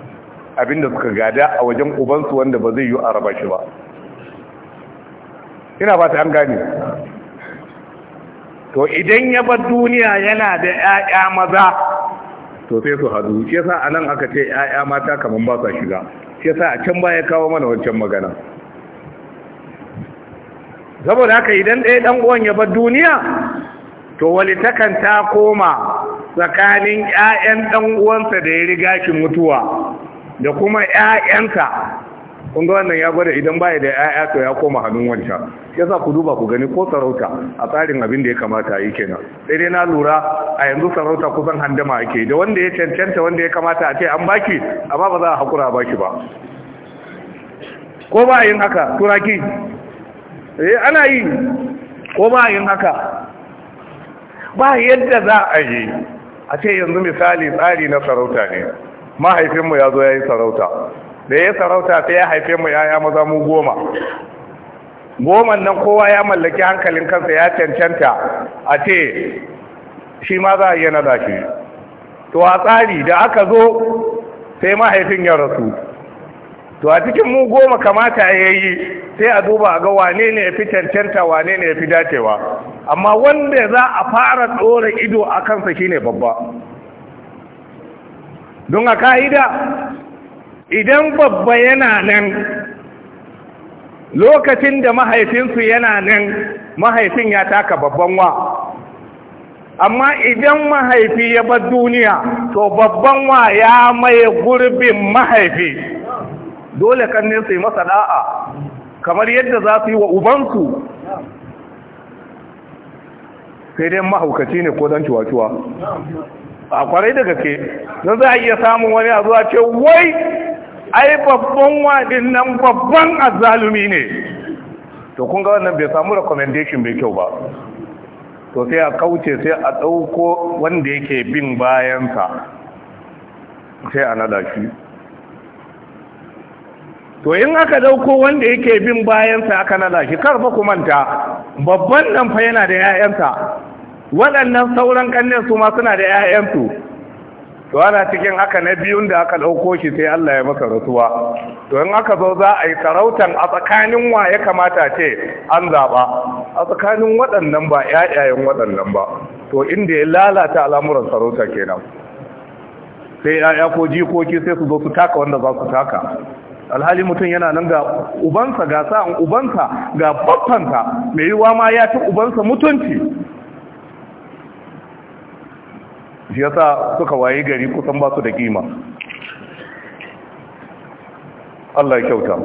abinda suka gada a wajen ubansu wanda ba zai yi a raba shi ba ina ba ta an gane to idan ya bar duniya yana da 'ya'ya maza to sai su hadu shi yasa nan aka ce 'ya'ya mata kaman ba sa shiga shi yasa a can baya kawo mana wancan magana saboda haka idan ɗaya ɗan uwan ya bar duniya to takan ta koma tsakanin 'ya'yan ɗan uwansa da ya riga shi mutuwa da kuma ƴaƴanka kun ga wannan ya gwada idan baya da ƴaƴa to ya koma hannun wancan yasa ku duba ku gani ko sarauta a tsarin abin da ya kamata yi kenan sai dai na lura a yanzu sarauta kusan handama ake da wanda ya cancanta wanda ya kamata a ce an baki amma ba za a hakura baki ba ko ba yin haka turaki eh ana yi ko ba yin haka ba yadda za a yi a ce yanzu misali tsari na sarauta ne mahaifinmu ya zo ya yi sarauta da ya yi sarauta sai ya haife mu yaya maza mu goma goman nan kowa ya mallaki hankalin kansa ya cancanta a ce shi ma za a iya naɗa shi to a tsari da aka zo sai mahaifin ya rasu to a cikin mu goma kamata ya yi sai a duba a ga wane ne ya fi cancanta wane ne ya fi dacewa amma wanda za a fara ɗora ido a kansa shine babba don a ka'ida idan babba yana nan lokacin da mahaifinsu yana nan mahaifin ya taka babban wa amma idan mahaifi ya bar duniya to babban wa ya maye gurbin mahaifi dole kannin su yi masa da'a kamar yadda za su yi wa ubansu sai dai mahaukaci ne ko dan cuwa-cuwa a kwarai da gaske na za a iya samun wani a zuwa ce wai ai babban wadin nan babban azalumi ne to kun ga wannan bai samu recommendation bai kyau ba to sai a kauce sai a ɗauko wanda yake bin bayansa sai a nada shi to in aka ɗauko wanda yake bin bayansa aka nada shi karfa kumanta babban nan fa yana da 'ya'yansa waɗannan sauran ƙannen su ma suna da 'ya'yansu to ana cikin haka na biyun da aka ɗauko shi sai Allah ya masa rasuwa to in aka zo za a yi sarautan a tsakanin wa ya kamata ce an zaɓa a tsakanin waɗannan ba 'ya'yayen waɗannan ba to inda ya lalata al'amuran sarauta kenan sai 'ya'ya ko jikoki sai su zo su taka wanda za su taka alhali mutum yana nan ga ubansa ga sa'an ubansa ga babbanta mai yiwa ma ya fi ubansa mutunci shi yasa suka waye gari kusan ba su da kima Allah ya kyauta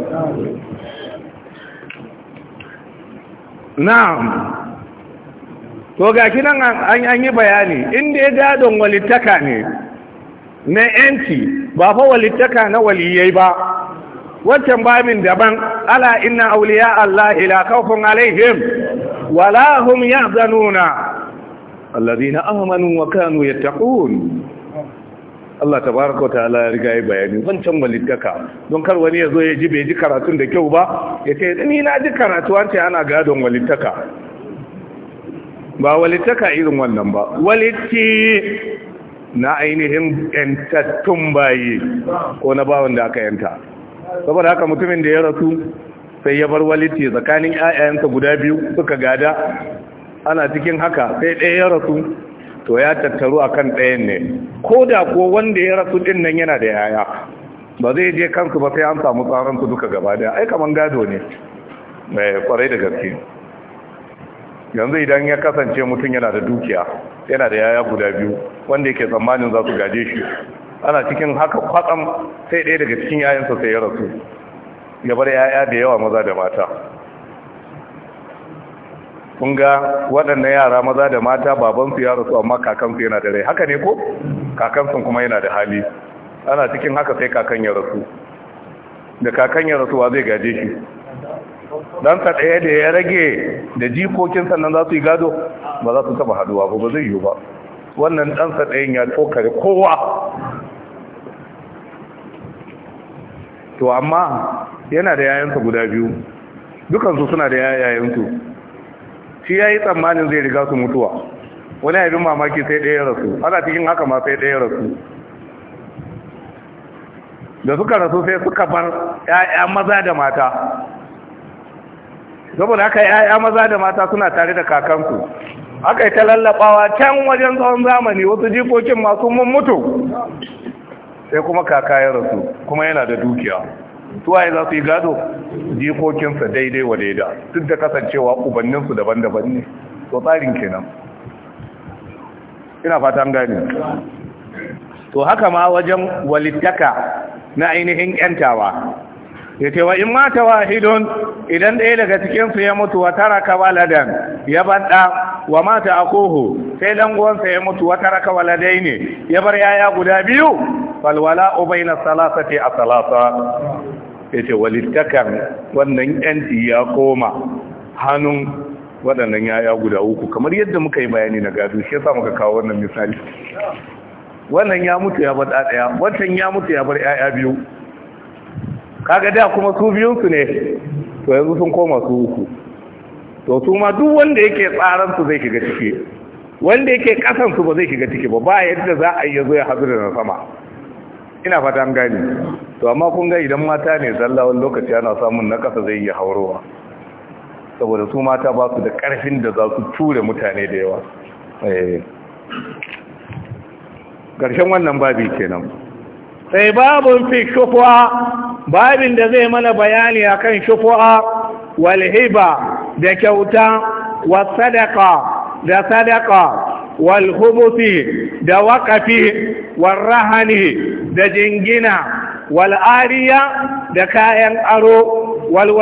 na'am to ga kinan an yi bayani inda ya gadon walittaka ne na yanci ba fa walittaka na waliyai ba wancan babin daban ala inna auliya Allah la khawfun alaihim wala hum yahzanuna allazina amanu wa kanu yattaqun Allah tabaraka wa ta'ala ya riga ya bayani wancan walittaka don kar wani ya zo ya ji bai ji karatun da kyau ba ya ce ni na ji karatu an ce ana gadon walittaka ba walittaka irin wannan ba walitti na ainihin yantattun bayi ko na bawon da aka yanta saboda haka mutumin da ya rasu sai ya bar walitti tsakanin 'ya'yansa guda biyu suka gada ana cikin haka sai ɗaya ya rasu to ya tattaru a kan ɗayan ne ko da ko wanda ya rasu ɗin nan yana da yaya ba zai je kansu ba sai an samu tsaransu duka gaba daya ai kaman gado ne mai kwarai da gaske yanzu idan ya kasance mutum yana da dukiya yana da yaya guda biyu wanda yake tsammanin za su gaje shi ana cikin haka kwatsam sai ɗaya daga cikin yayansa sai ya rasu ya bar yaya da yawa maza da mata kun ga waɗannan yara maza da mata babansu ya rasu amma kakansu yana da rai haka ne ko kakansu kuma yana da hali ana cikin haka sai kakan ya rasu da kakan ya rasuwa zai gaje shi ɗansa ɗaya da ya rage da jikokin sannan za su yi gado ba za su taba haduwa ba ba zai yi ba wannan ɗansa ɗayan ya tsokare kowa to amma yana da yayansa guda biyu dukansu suna da yayansu shi ya yi tsammanin zai riga su mutuwa wani abin mamaki sai ɗaya rasu ana cikin haka ma sai ɗaya rasu da suka rasu sai suka bar ‘ya'ya maza da mata saboda haka ‘ya'ya maza da mata suna tare da kakansu aka yi ta lallabawa can wajen tsawon zamani wasu jikokin masu mun mutu sai kuma kaka ya rasu kuma yana da dukiya suwaye za su yi gado jikokinsa daidai wa daida duk da kasancewa ubanninsu daban-daban ne to tsarin kenan ina fata an gane to haka ma wajen walittaka na ainihin yantawa ya ce wa in mata wahidun idan ɗaya daga cikinsu ya mutu wa taraka waladan ya banɗa wa mata akohu sai danguwansa ya mutu wa taraka waladai ne ya bar yaya guda biyu falwala ubaina salasati a salasa ya ce walittakar wannan yanci ya koma hannun waɗannan yaya guda uku kamar yadda muka yi bayani na gado shi yasa muka kawo wannan misali wannan ya mutu ya bar ɗaya wancan ya mutu ya bar yaya biyu kaga da kuma su biyun su ne to yanzu sun koma su uku to su ma duk wanda yake tsaran su zai shiga ciki wanda yake kasan su ba zai shiga ciki ba ba yadda za a yi yazo zo ya hazu da na sama ina fata an gani to amma kun ga idan mata ne zalla wani lokaci ana samun na kasa zai yi haurowa saboda su mata ba su da karfin da za su ture mutane da yawa eh. ƙarshen wannan babi kenan sai babu fi shufuwa, babin da zai mana bayani akan shufu'a shufuwa walhiba da kyauta wa sadaka da sadaka wal da waqafi war rahani da jingina wal da kayan aro wal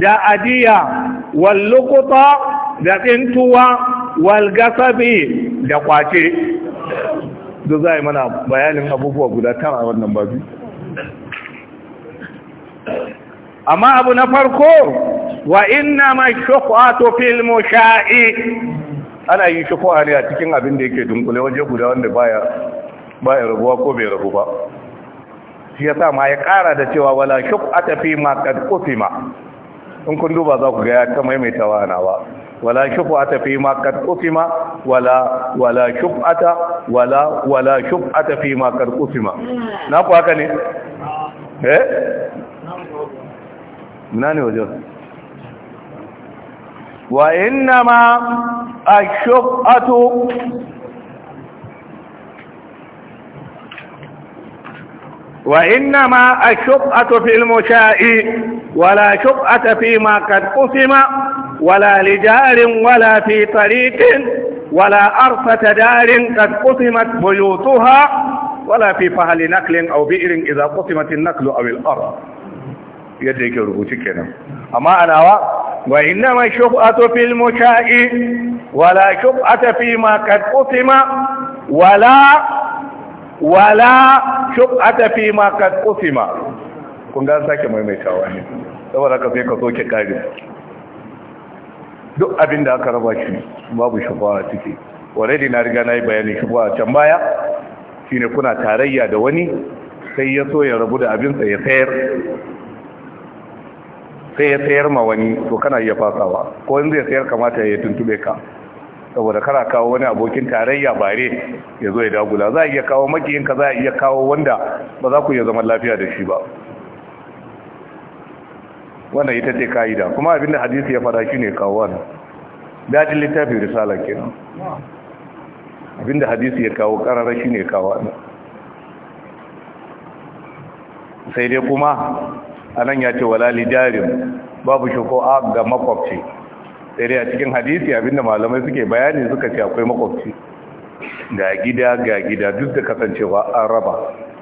da adiya wal luqta da tsintuwa wal da kwace duk zai mana bayanin abubuwa guda tara wannan babu amma abu na farko wa inna ma shuqatu fil musha'i ana yi shi ne a cikin abin da yake dunkule waje guda wanda ba ya rabuwa ko bai rabu ba shi sa ma ya kara da cewa wala shuk atafi ma kad ma. in kun duba za ku ga ya ta maimaita wa ana ba wala shuk atafi ma kad ma, wala wala shuk ata wala wala shuk atafi ma kad ma. na ku haka ne eh na ne wajen wa inna ma الشفعة وإنما الشفعة في المشاء ولا شفعة فيما قد قسم ولا لجار ولا في طريق ولا أرفة دار قد قسمت بيوتها ولا في فهل نقل أو بئر إذا قسمت النقل أو الأرض yadda yake rubuci kenan amma a nawa وإنما الشبعة في المشاء ولا شبعة فيما قد قسم ولا ولا شبعة فيما قد قسم kun ga sake maimaitawa ne saboda ka sai ka soke kari duk abin da aka raba shi babu shubawa ciki already na riga na yi bayanin shubawa can baya shine kuna tarayya da wani sai ya so ya rabu da abin sa ya sayar sai ya sayar ma wani to kana iya fasawa ko in zai sayar kamata ya tuntube ka saboda kana kawo wani abokin tarayya bare ya zo ya dagula za a iya kawo makiyinka za a iya kawo wanda ba za ku iya zaman lafiya da shi ba wannan ita ce ka'ida kuma abin da hadisi ya fara shi ne kawo wannan dajin littafin risala kenan abin da hadisi ya kawo karara shi ne kawo wannan sai dai kuma anan ya ce Walali, jarin babu shuko a ga makwabci sai dai a cikin hadisi abinda malamai suke bayani suka ce akwai makwabci ga gida ga gida duk da kasancewa an raba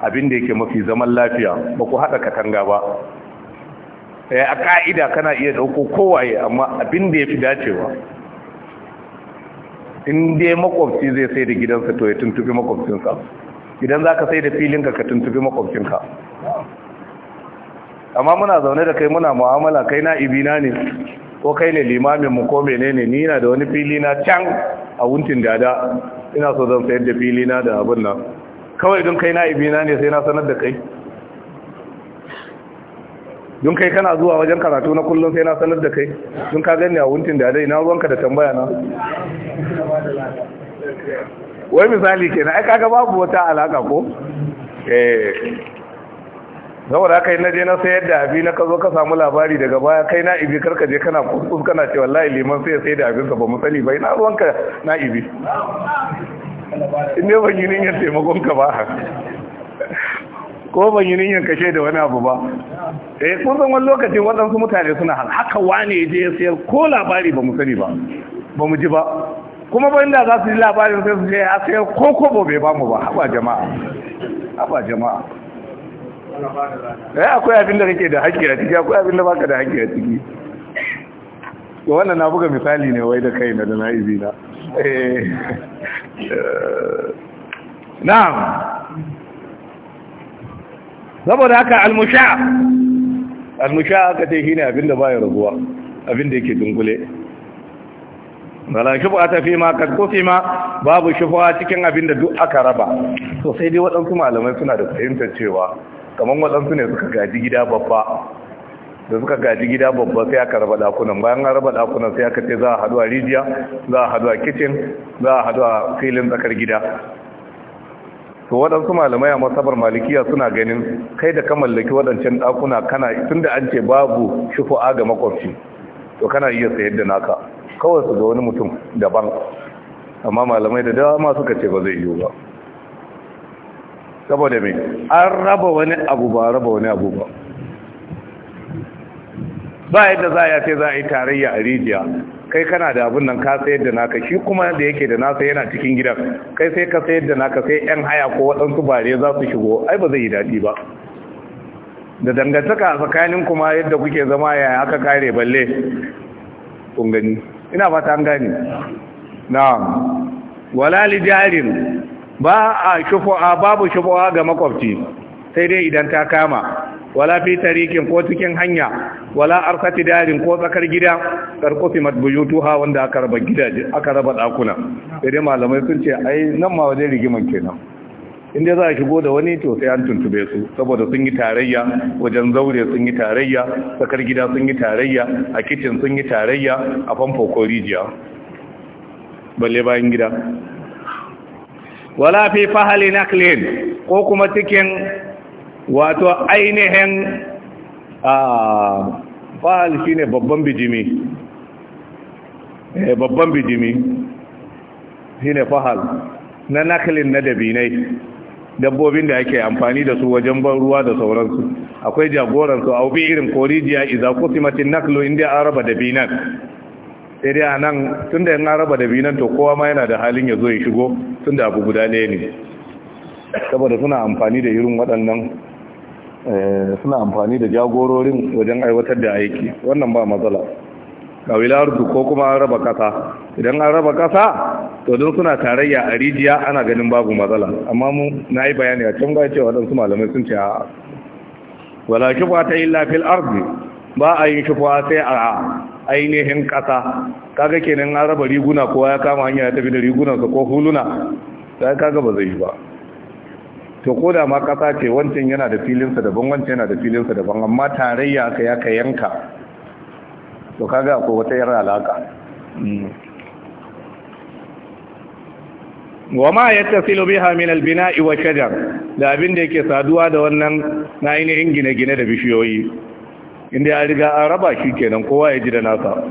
abinda yake mafi zaman lafiya ba ku haɗa katanga ba eh, a ka'ida kana iya ɗauko kowaye amma abinda ya fi dacewa in dai makwabci zai sai da gidansa to ya tuntubi makwabcinsa idan za ka sai da filinka ka tuntubi makwabcinka amma muna zaune da kai muna mu'amala kai na ibina ne ko kai ne limamin mu ko menene ni na da wani fili na can a wuntin dada ina so zan sayar da fili na da abin nan kawai don kai na ibina ne sai na sanar da kai don kai kana zuwa wajen karatu na kullum sai na sanar da kai don ka gani a wuntin dada ina ruwanka da tambaya na wai misali kenan ai kaga babu wata alaka ko eh saboda yi na je na sayar da abi na ka ka samu labari daga baya kai na ibi karka je kana kuskus kana ce wallahi liman sai ya sayar da ka. ba mu sani bai na ruwanka na ibi in ne ban yi niyyar taimakon ka ba ko ban yi niyyar kashe da wani abu ba eh kun san wani lokacin waɗansu mutane suna haka wane ya je ya sayar ko labari ba mu sani ba ba mu ji ba kuma ba da za su ji labarin sai su je ya sayar ko kobo bai ba mu ba haba jama'a haba jama'a Eh, akwai abin da kake da haƙƙi a ciki akwai abin da baka da haƙƙi a ciki to wannan na buga misali ne wai da kai na da na izina eh, na na'am saboda haka almusha almusha aka ce shine abin da baya rabuwa abin da yake dungule wala shufa ta fi ma kadko fi ma babu shufa cikin abin da duk aka raba to sai dai waɗansu malamai suna da fahimtar cewa kamar waɗansu ne suka gaji gida babba da suka gaji gida babba sai aka raba ɗakunan. bayan an raba ɗakunan, sai aka ce za a haɗu a rijiya za a haɗu a kicin, za a haɗu a filin tsakar gida to waɗansu malamai a masabar malikiya suna ganin kai da ka mallaki waɗancan ɗakuna kana tun da an ce babu shufu'a ga makwabci to kana iya sayar da naka kawai su ga wani mutum daban amma malamai da dama suka ce ba zai yiwu ba saboda mai an raba wani abu ba raba wani abu ba ba yadda za a yace za a yi tarayya a rijiya kai kana da abin nan ka sayar da naka shi kuma da yake da nasa yana cikin gidan kai sai ka sayar da naka sai yan haya ko waɗansu bare za su shigo ai ba zai yi daɗi ba da dangantaka a tsakanin kuma yadda kuke zama ya aka kare balle kun gani ina fata an gani na wala li jarin ba a shufu'a babu shufu'a ga makwabci sai dai idan ta kama wala fi tarikin ko cikin hanya wala arkati darin ko tsakar gida karkofi matbuyutuha wanda aka raba gidaje aka raba dakuna sai dai malamai sun ce ai nan ma wajen rigiman kenan inda za a shigo da wani to sai an tuntube su saboda sun yi tarayya wajen zaure sun yi tarayya tsakar gida sun yi tarayya a kicin sun yi tarayya a famfo ko rijiya balle bayan gida wala fi fahali naklin ko kuma cikin wato ainihin fahal shi ne babban bijimi eh, babban bijimi shi ne fahal na naklin na dabinai dabbobin da ake amfani da su wajen ban ruwa da sauransu akwai jagoransu a wubi irin korijiya iza kusimatin naklo inda an raba dabinan sai dai nan tun da yin an raba dabinan to kowa ma yana da halin ya zo ya shigo Sun da abu guda ɗaya ne saboda suna amfani da irin waɗannan eh, suna amfani da jagororin wajen aiwatar da aiki wannan ba matsala kawilar ko kuma an raba kasa idan an raba kasa to don suna tarayya a rijiya ana ganin babu matsala amma mu na yi bayani a can baya cewa waɗansu malamai sun ce a wala kifa ta yi lafil arzi, ba a yi shufa sai a ainihin ƙasa kaga kenan an raba riguna kowa ya kama hanya ya tafi da rigunansa ko huluna sai kaga ba zai yi ba to ko da ma ƙasa ce wancan yana da filinsa daban wancan yana da filinsa daban amma tarayya ka ya ka yanka to kaga akwai wata yar alaka wa ma yattasilu biha min albina'i wa shajar da abin da yake saduwa da wannan na ainihin gine-gine da bishiyoyi inda ya riga an raba shi kenan kowa ya ji da nasa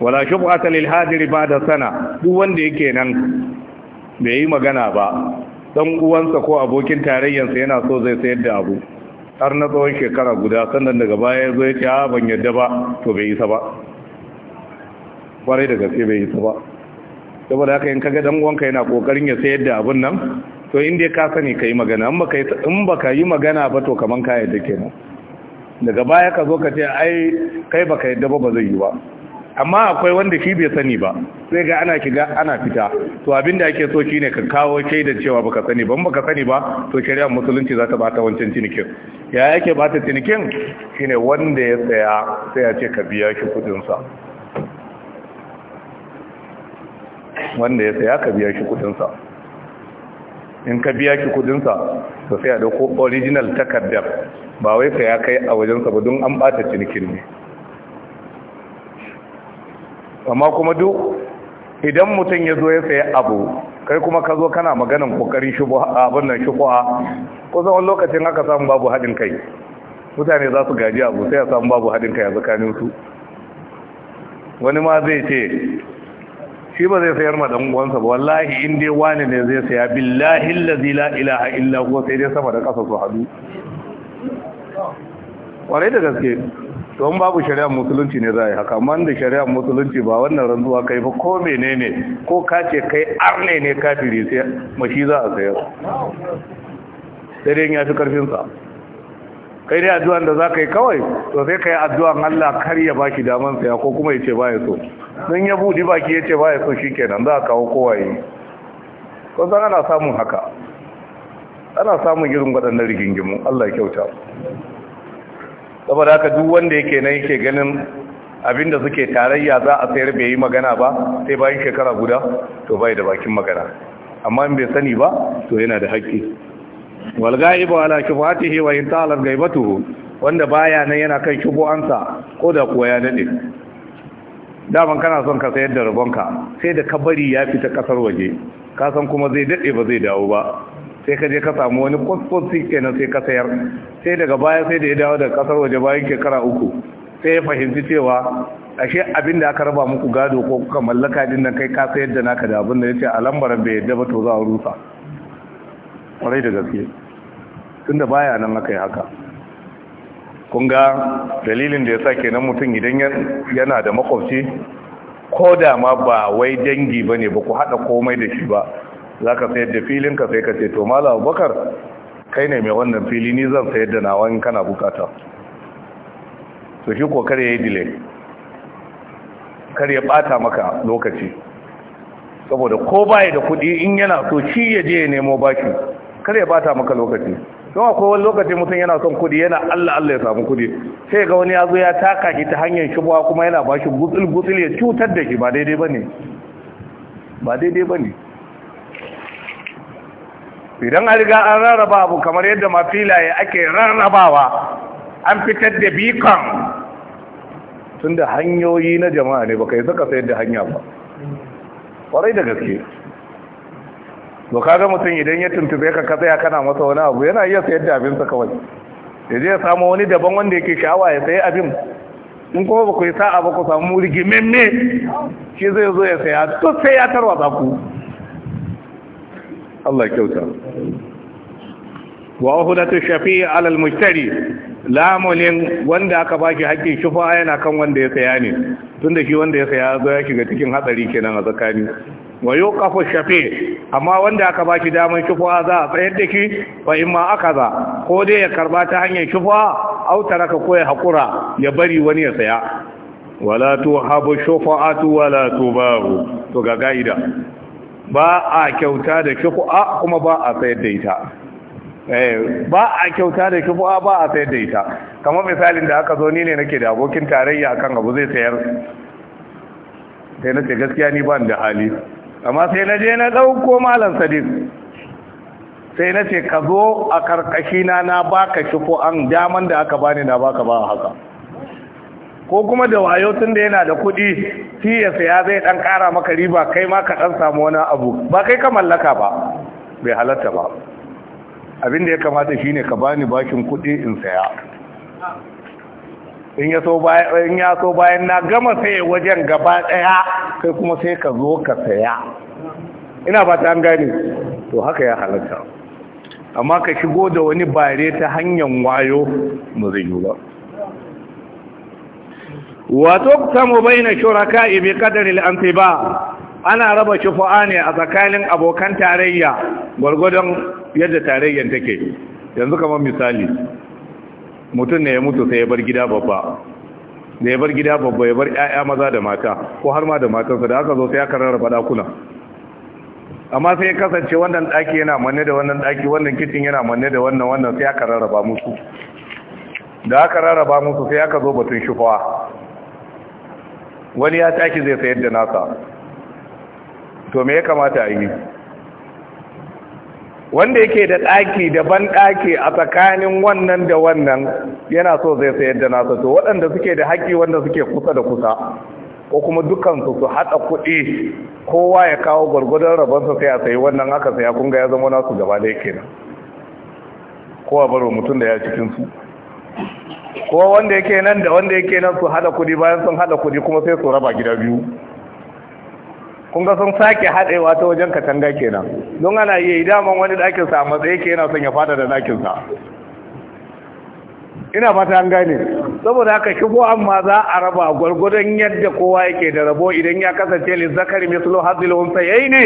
wala shubhatan lil hadiri ba'da sana duk wanda yake nan bai yi magana ba dan uwansa ko abokin tarayyarsa yana so zai sayar da abu har na tsawon shekara guda sannan daga baya ya zo ya ce a ah, ban yadda ba to bai isa ba kwarai da gaske bai isa ba saboda haka in kaga dan uwanka yana kokarin ya sayar da abun nan to inda ka sani kai magana in baka yi magana ba to kaman ka yadda kenan daga baya ka zo ka ce ai kai baka yadda ba ba zai yi ba amma akwai wanda shi bai sani ba sai ga ana kiga ana fita to abin da ake so shine ka kawo da cewa baka sani ba baka sani ba to shari'ar musulunci za ta bata wancan cinikin ya yake bata cinikin shine wanda ya tsaya sai ya ce ka biya shi kudin sa wanda ya tsaya ka biya shi kudin sa in ka biya ki kudinsa to sai a dauko original takardar ba wai ka ya kai a wajensa ba don an bata cinikin ne amma kuma duk idan mutum ya zo ya sayi abu kai kuma ka zo kana maganin kokarin abin nan shukuwa. kusan wani lokacin aka samu babu haɗin kai mutane za su gaji abu sai a samu babu haɗin kai a tsakaninsu wani ma zai ce shi ba zai sayar ma dan uwansa ba wallahi in dai wani ne zai saya billahi allazi la ilaha illa huwa sai dai sama da kasa su hadu kwarai da gaske don babu shari'ar musulunci ne za a yi haka amma da shari'ar musulunci ba wannan rantsuwa kai ba ko menene ko ka kai arne ne kafiri sai mashi za a sayar sai ya fi karfinsa kai dai addu'an da za ka yi kawai to sai ka yi addu'an Allah kar ya ba shi daman saya ko kuma ya ce ba ya so don ya buɗi baki ya ce ba ya so shi kenan za a kawo kowaye kusan ana samun haka ana samun irin waɗannan rigingimu Allah kyauta saboda haka duk wanda yake nan yake ganin abinda suke tarayya za a sayar bai yi magana ba sai bayan shekara guda to bai da bakin magana amma in bai sani ba to yana da haƙƙi wal ghaibu ala kifatihi wa intalat ghaibatuhu wanda baya nan yana kan ansa ko da kuwa ya dade daman kana son ka sayar da rubonka sai da kabari bari ya fita kasar waje kasan kuma zai daɗe ba zai dawo ba sai ka je ka samu wani kwasfosi kenan sai ka sayar sai daga baya sai da ya dawo daga kasar waje bayan shekara uku sai ya fahimci cewa ashe abin da aka raba muku gado ko kuka mallaka din nan kai ka sayar da naka da abin da ya ce a lambaran bai yadda ba to za a rusa kwarai da gaske da baya nan aka yi haka kun ga dalilin da ya sa kenan mutum idan yana da makwabci ko da ma ba wai dangi ba ne ba ku haɗa komai da shi ba za ka sayar da filinka sai ka ce to mala abubakar kai ne mai wannan fili ni zan sayar da nawa kana bukata to shi ko kar ya yi dile kar ya bata maka lokaci saboda ko baya da kuɗi in yana so shi ya je ya nemo baki kar ya bata maka lokaci don ko wani lokaci mutum yana son kudi yana Allah Allah ya samu kudi sai ga wani ya zo ya taka ki ta hanyar shubha kuma yana ba shi gutsul gutsul ya cutar da shi ba daidai ba ne. ba daidai ba ne. idan an riga an rarraba abu kamar yadda ma filaye ake rarrabawa an fitar da bikon tunda hanyoyi na jama'a ne baka yi saka sayar da hanya ba kwarai da gaske to kaga mutum idan ya tuntube ka ka tsaya kana masa wani abu yana iya sayar da abinsa kawai ya je ya samu wani daban wanda yake sha'awa ya sayi abin in kuma ba ku yi sa'a ba ku samu rigimemme shi zai zo ya saya duk sai ya za ku Allah kyauta wa hudatu shafi'i alal mujtari lamulin wanda aka baki hakkin shufa yana kan wanda ya saya ne tunda shi wanda ya saya zo ya shiga cikin hatsari kenan a tsakani wa kafa shafe amma wanda aka ba shi damar shufuwa za a tsayar da shi ba in ma aka za ko dai ya karba ta hanyar shufuwa, au taraka ko ya ya bari wani ya saya wala tuhabu shufa'atu wala tubaru to ga gaida ba a kyauta da shufu'a kuma ba a tsayar da ita eh, ba a kyauta da shufu'a ba a tsayar da ita kamar misalin da aka zo ni ne nake da abokin tarayya akan abu zai sayar sai na ce gaskiya ni ban da hali amma sai na je na ɗauko malam sadiq sai na ce ka zo a karkashina na baka ko an daman da aka bani na baka ba haka ko kuma da wayo tun da yana da kuɗi shi ya saya zai ɗan ƙara maka riba kai ma ka ɗan samu wani abu ba kai ka mallaka ba bai halatta ba abin da ya kamata shine ka bani bakin kuɗi in saya in ya so bayan na gama saye wajen gaba daya kai kuma sai ka zo ka saya ina ba ta an to haka ya halatta amma ka shigo da wani bare ta hanyar wayo mu zai yi ba wato samu bai na shuraka ibi ba ana raba shufa'a ne a tsakanin abokan tarayya gwargwadon yadda tarayyar take yanzu kamar misali mutum ne ya mutu sai ya bar gida babba da ya bar gida babba ya bar 'ya'ya maza da mata ko har ma da matansa da aka zo sai aka rarraba dakuna. amma sai ya kasance wannan ɗaki yana manne da wannan ɗaki wannan kicin yana manne da wannan wannan sai aka rarraba musu da aka rarraba musu sai aka zo batun shufawa wani ya taki zai sayar da nasa to me ya kamata a yi wanda yake da ɗaki da banɗaki a tsakanin wannan da wannan yana so zai sayar da nasa to waɗanda suke da haƙi wanda suke kusa da kusa ko kuma dukansu su haɗa kuɗi kowa ya kawo gwargwadon rabonsa sai a sayi wannan aka saya kun ga ya zama nasu gaba da yake nan kowa baro mutum da ya cikinsu kowa wanda yake nan da wanda yake nan su haɗa kuɗi bayan sun haɗa kuɗi kuma sai su raba gida biyu kun ga sun sake haɗewa ta wajen katanga kenan don ana iya yi daman wani ɗakinsa a matsayi ke yana son ya fada da ɗakinsa ina fata an gane saboda haka shigo amma za a raba gwargwadon yadda kowa yake da rabo idan ya kasance lizakari mislu hazil unsa yayi ne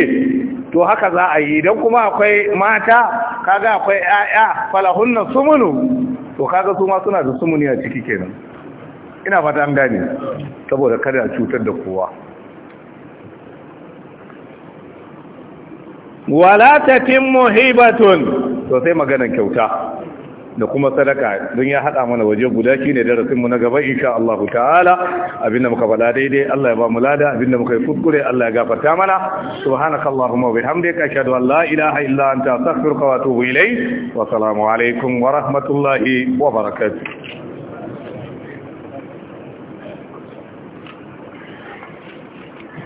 to haka za a yi idan kuma akwai mata kaga akwai 'ya'ya falahunna sumunu to kaga su ma suna da sumuni a ciki kenan ina fata an gane saboda kada a cutar da kowa wala tatimmu hibatun to sai maganan kyauta da kuma sadaka don ya haɗa mana waje guda shi darasin mu na gaba insha Allah ta'ala abinda muka faɗa daidai Allah ya ba mu lada abinda muka yi kuskure Allah ya gafarta mana subhanakallahumma wa bihamdika ashhadu an la ilaha illa anta astaghfiruka wa atubu ilayk wa alaikum wa rahmatullahi wa barakatuh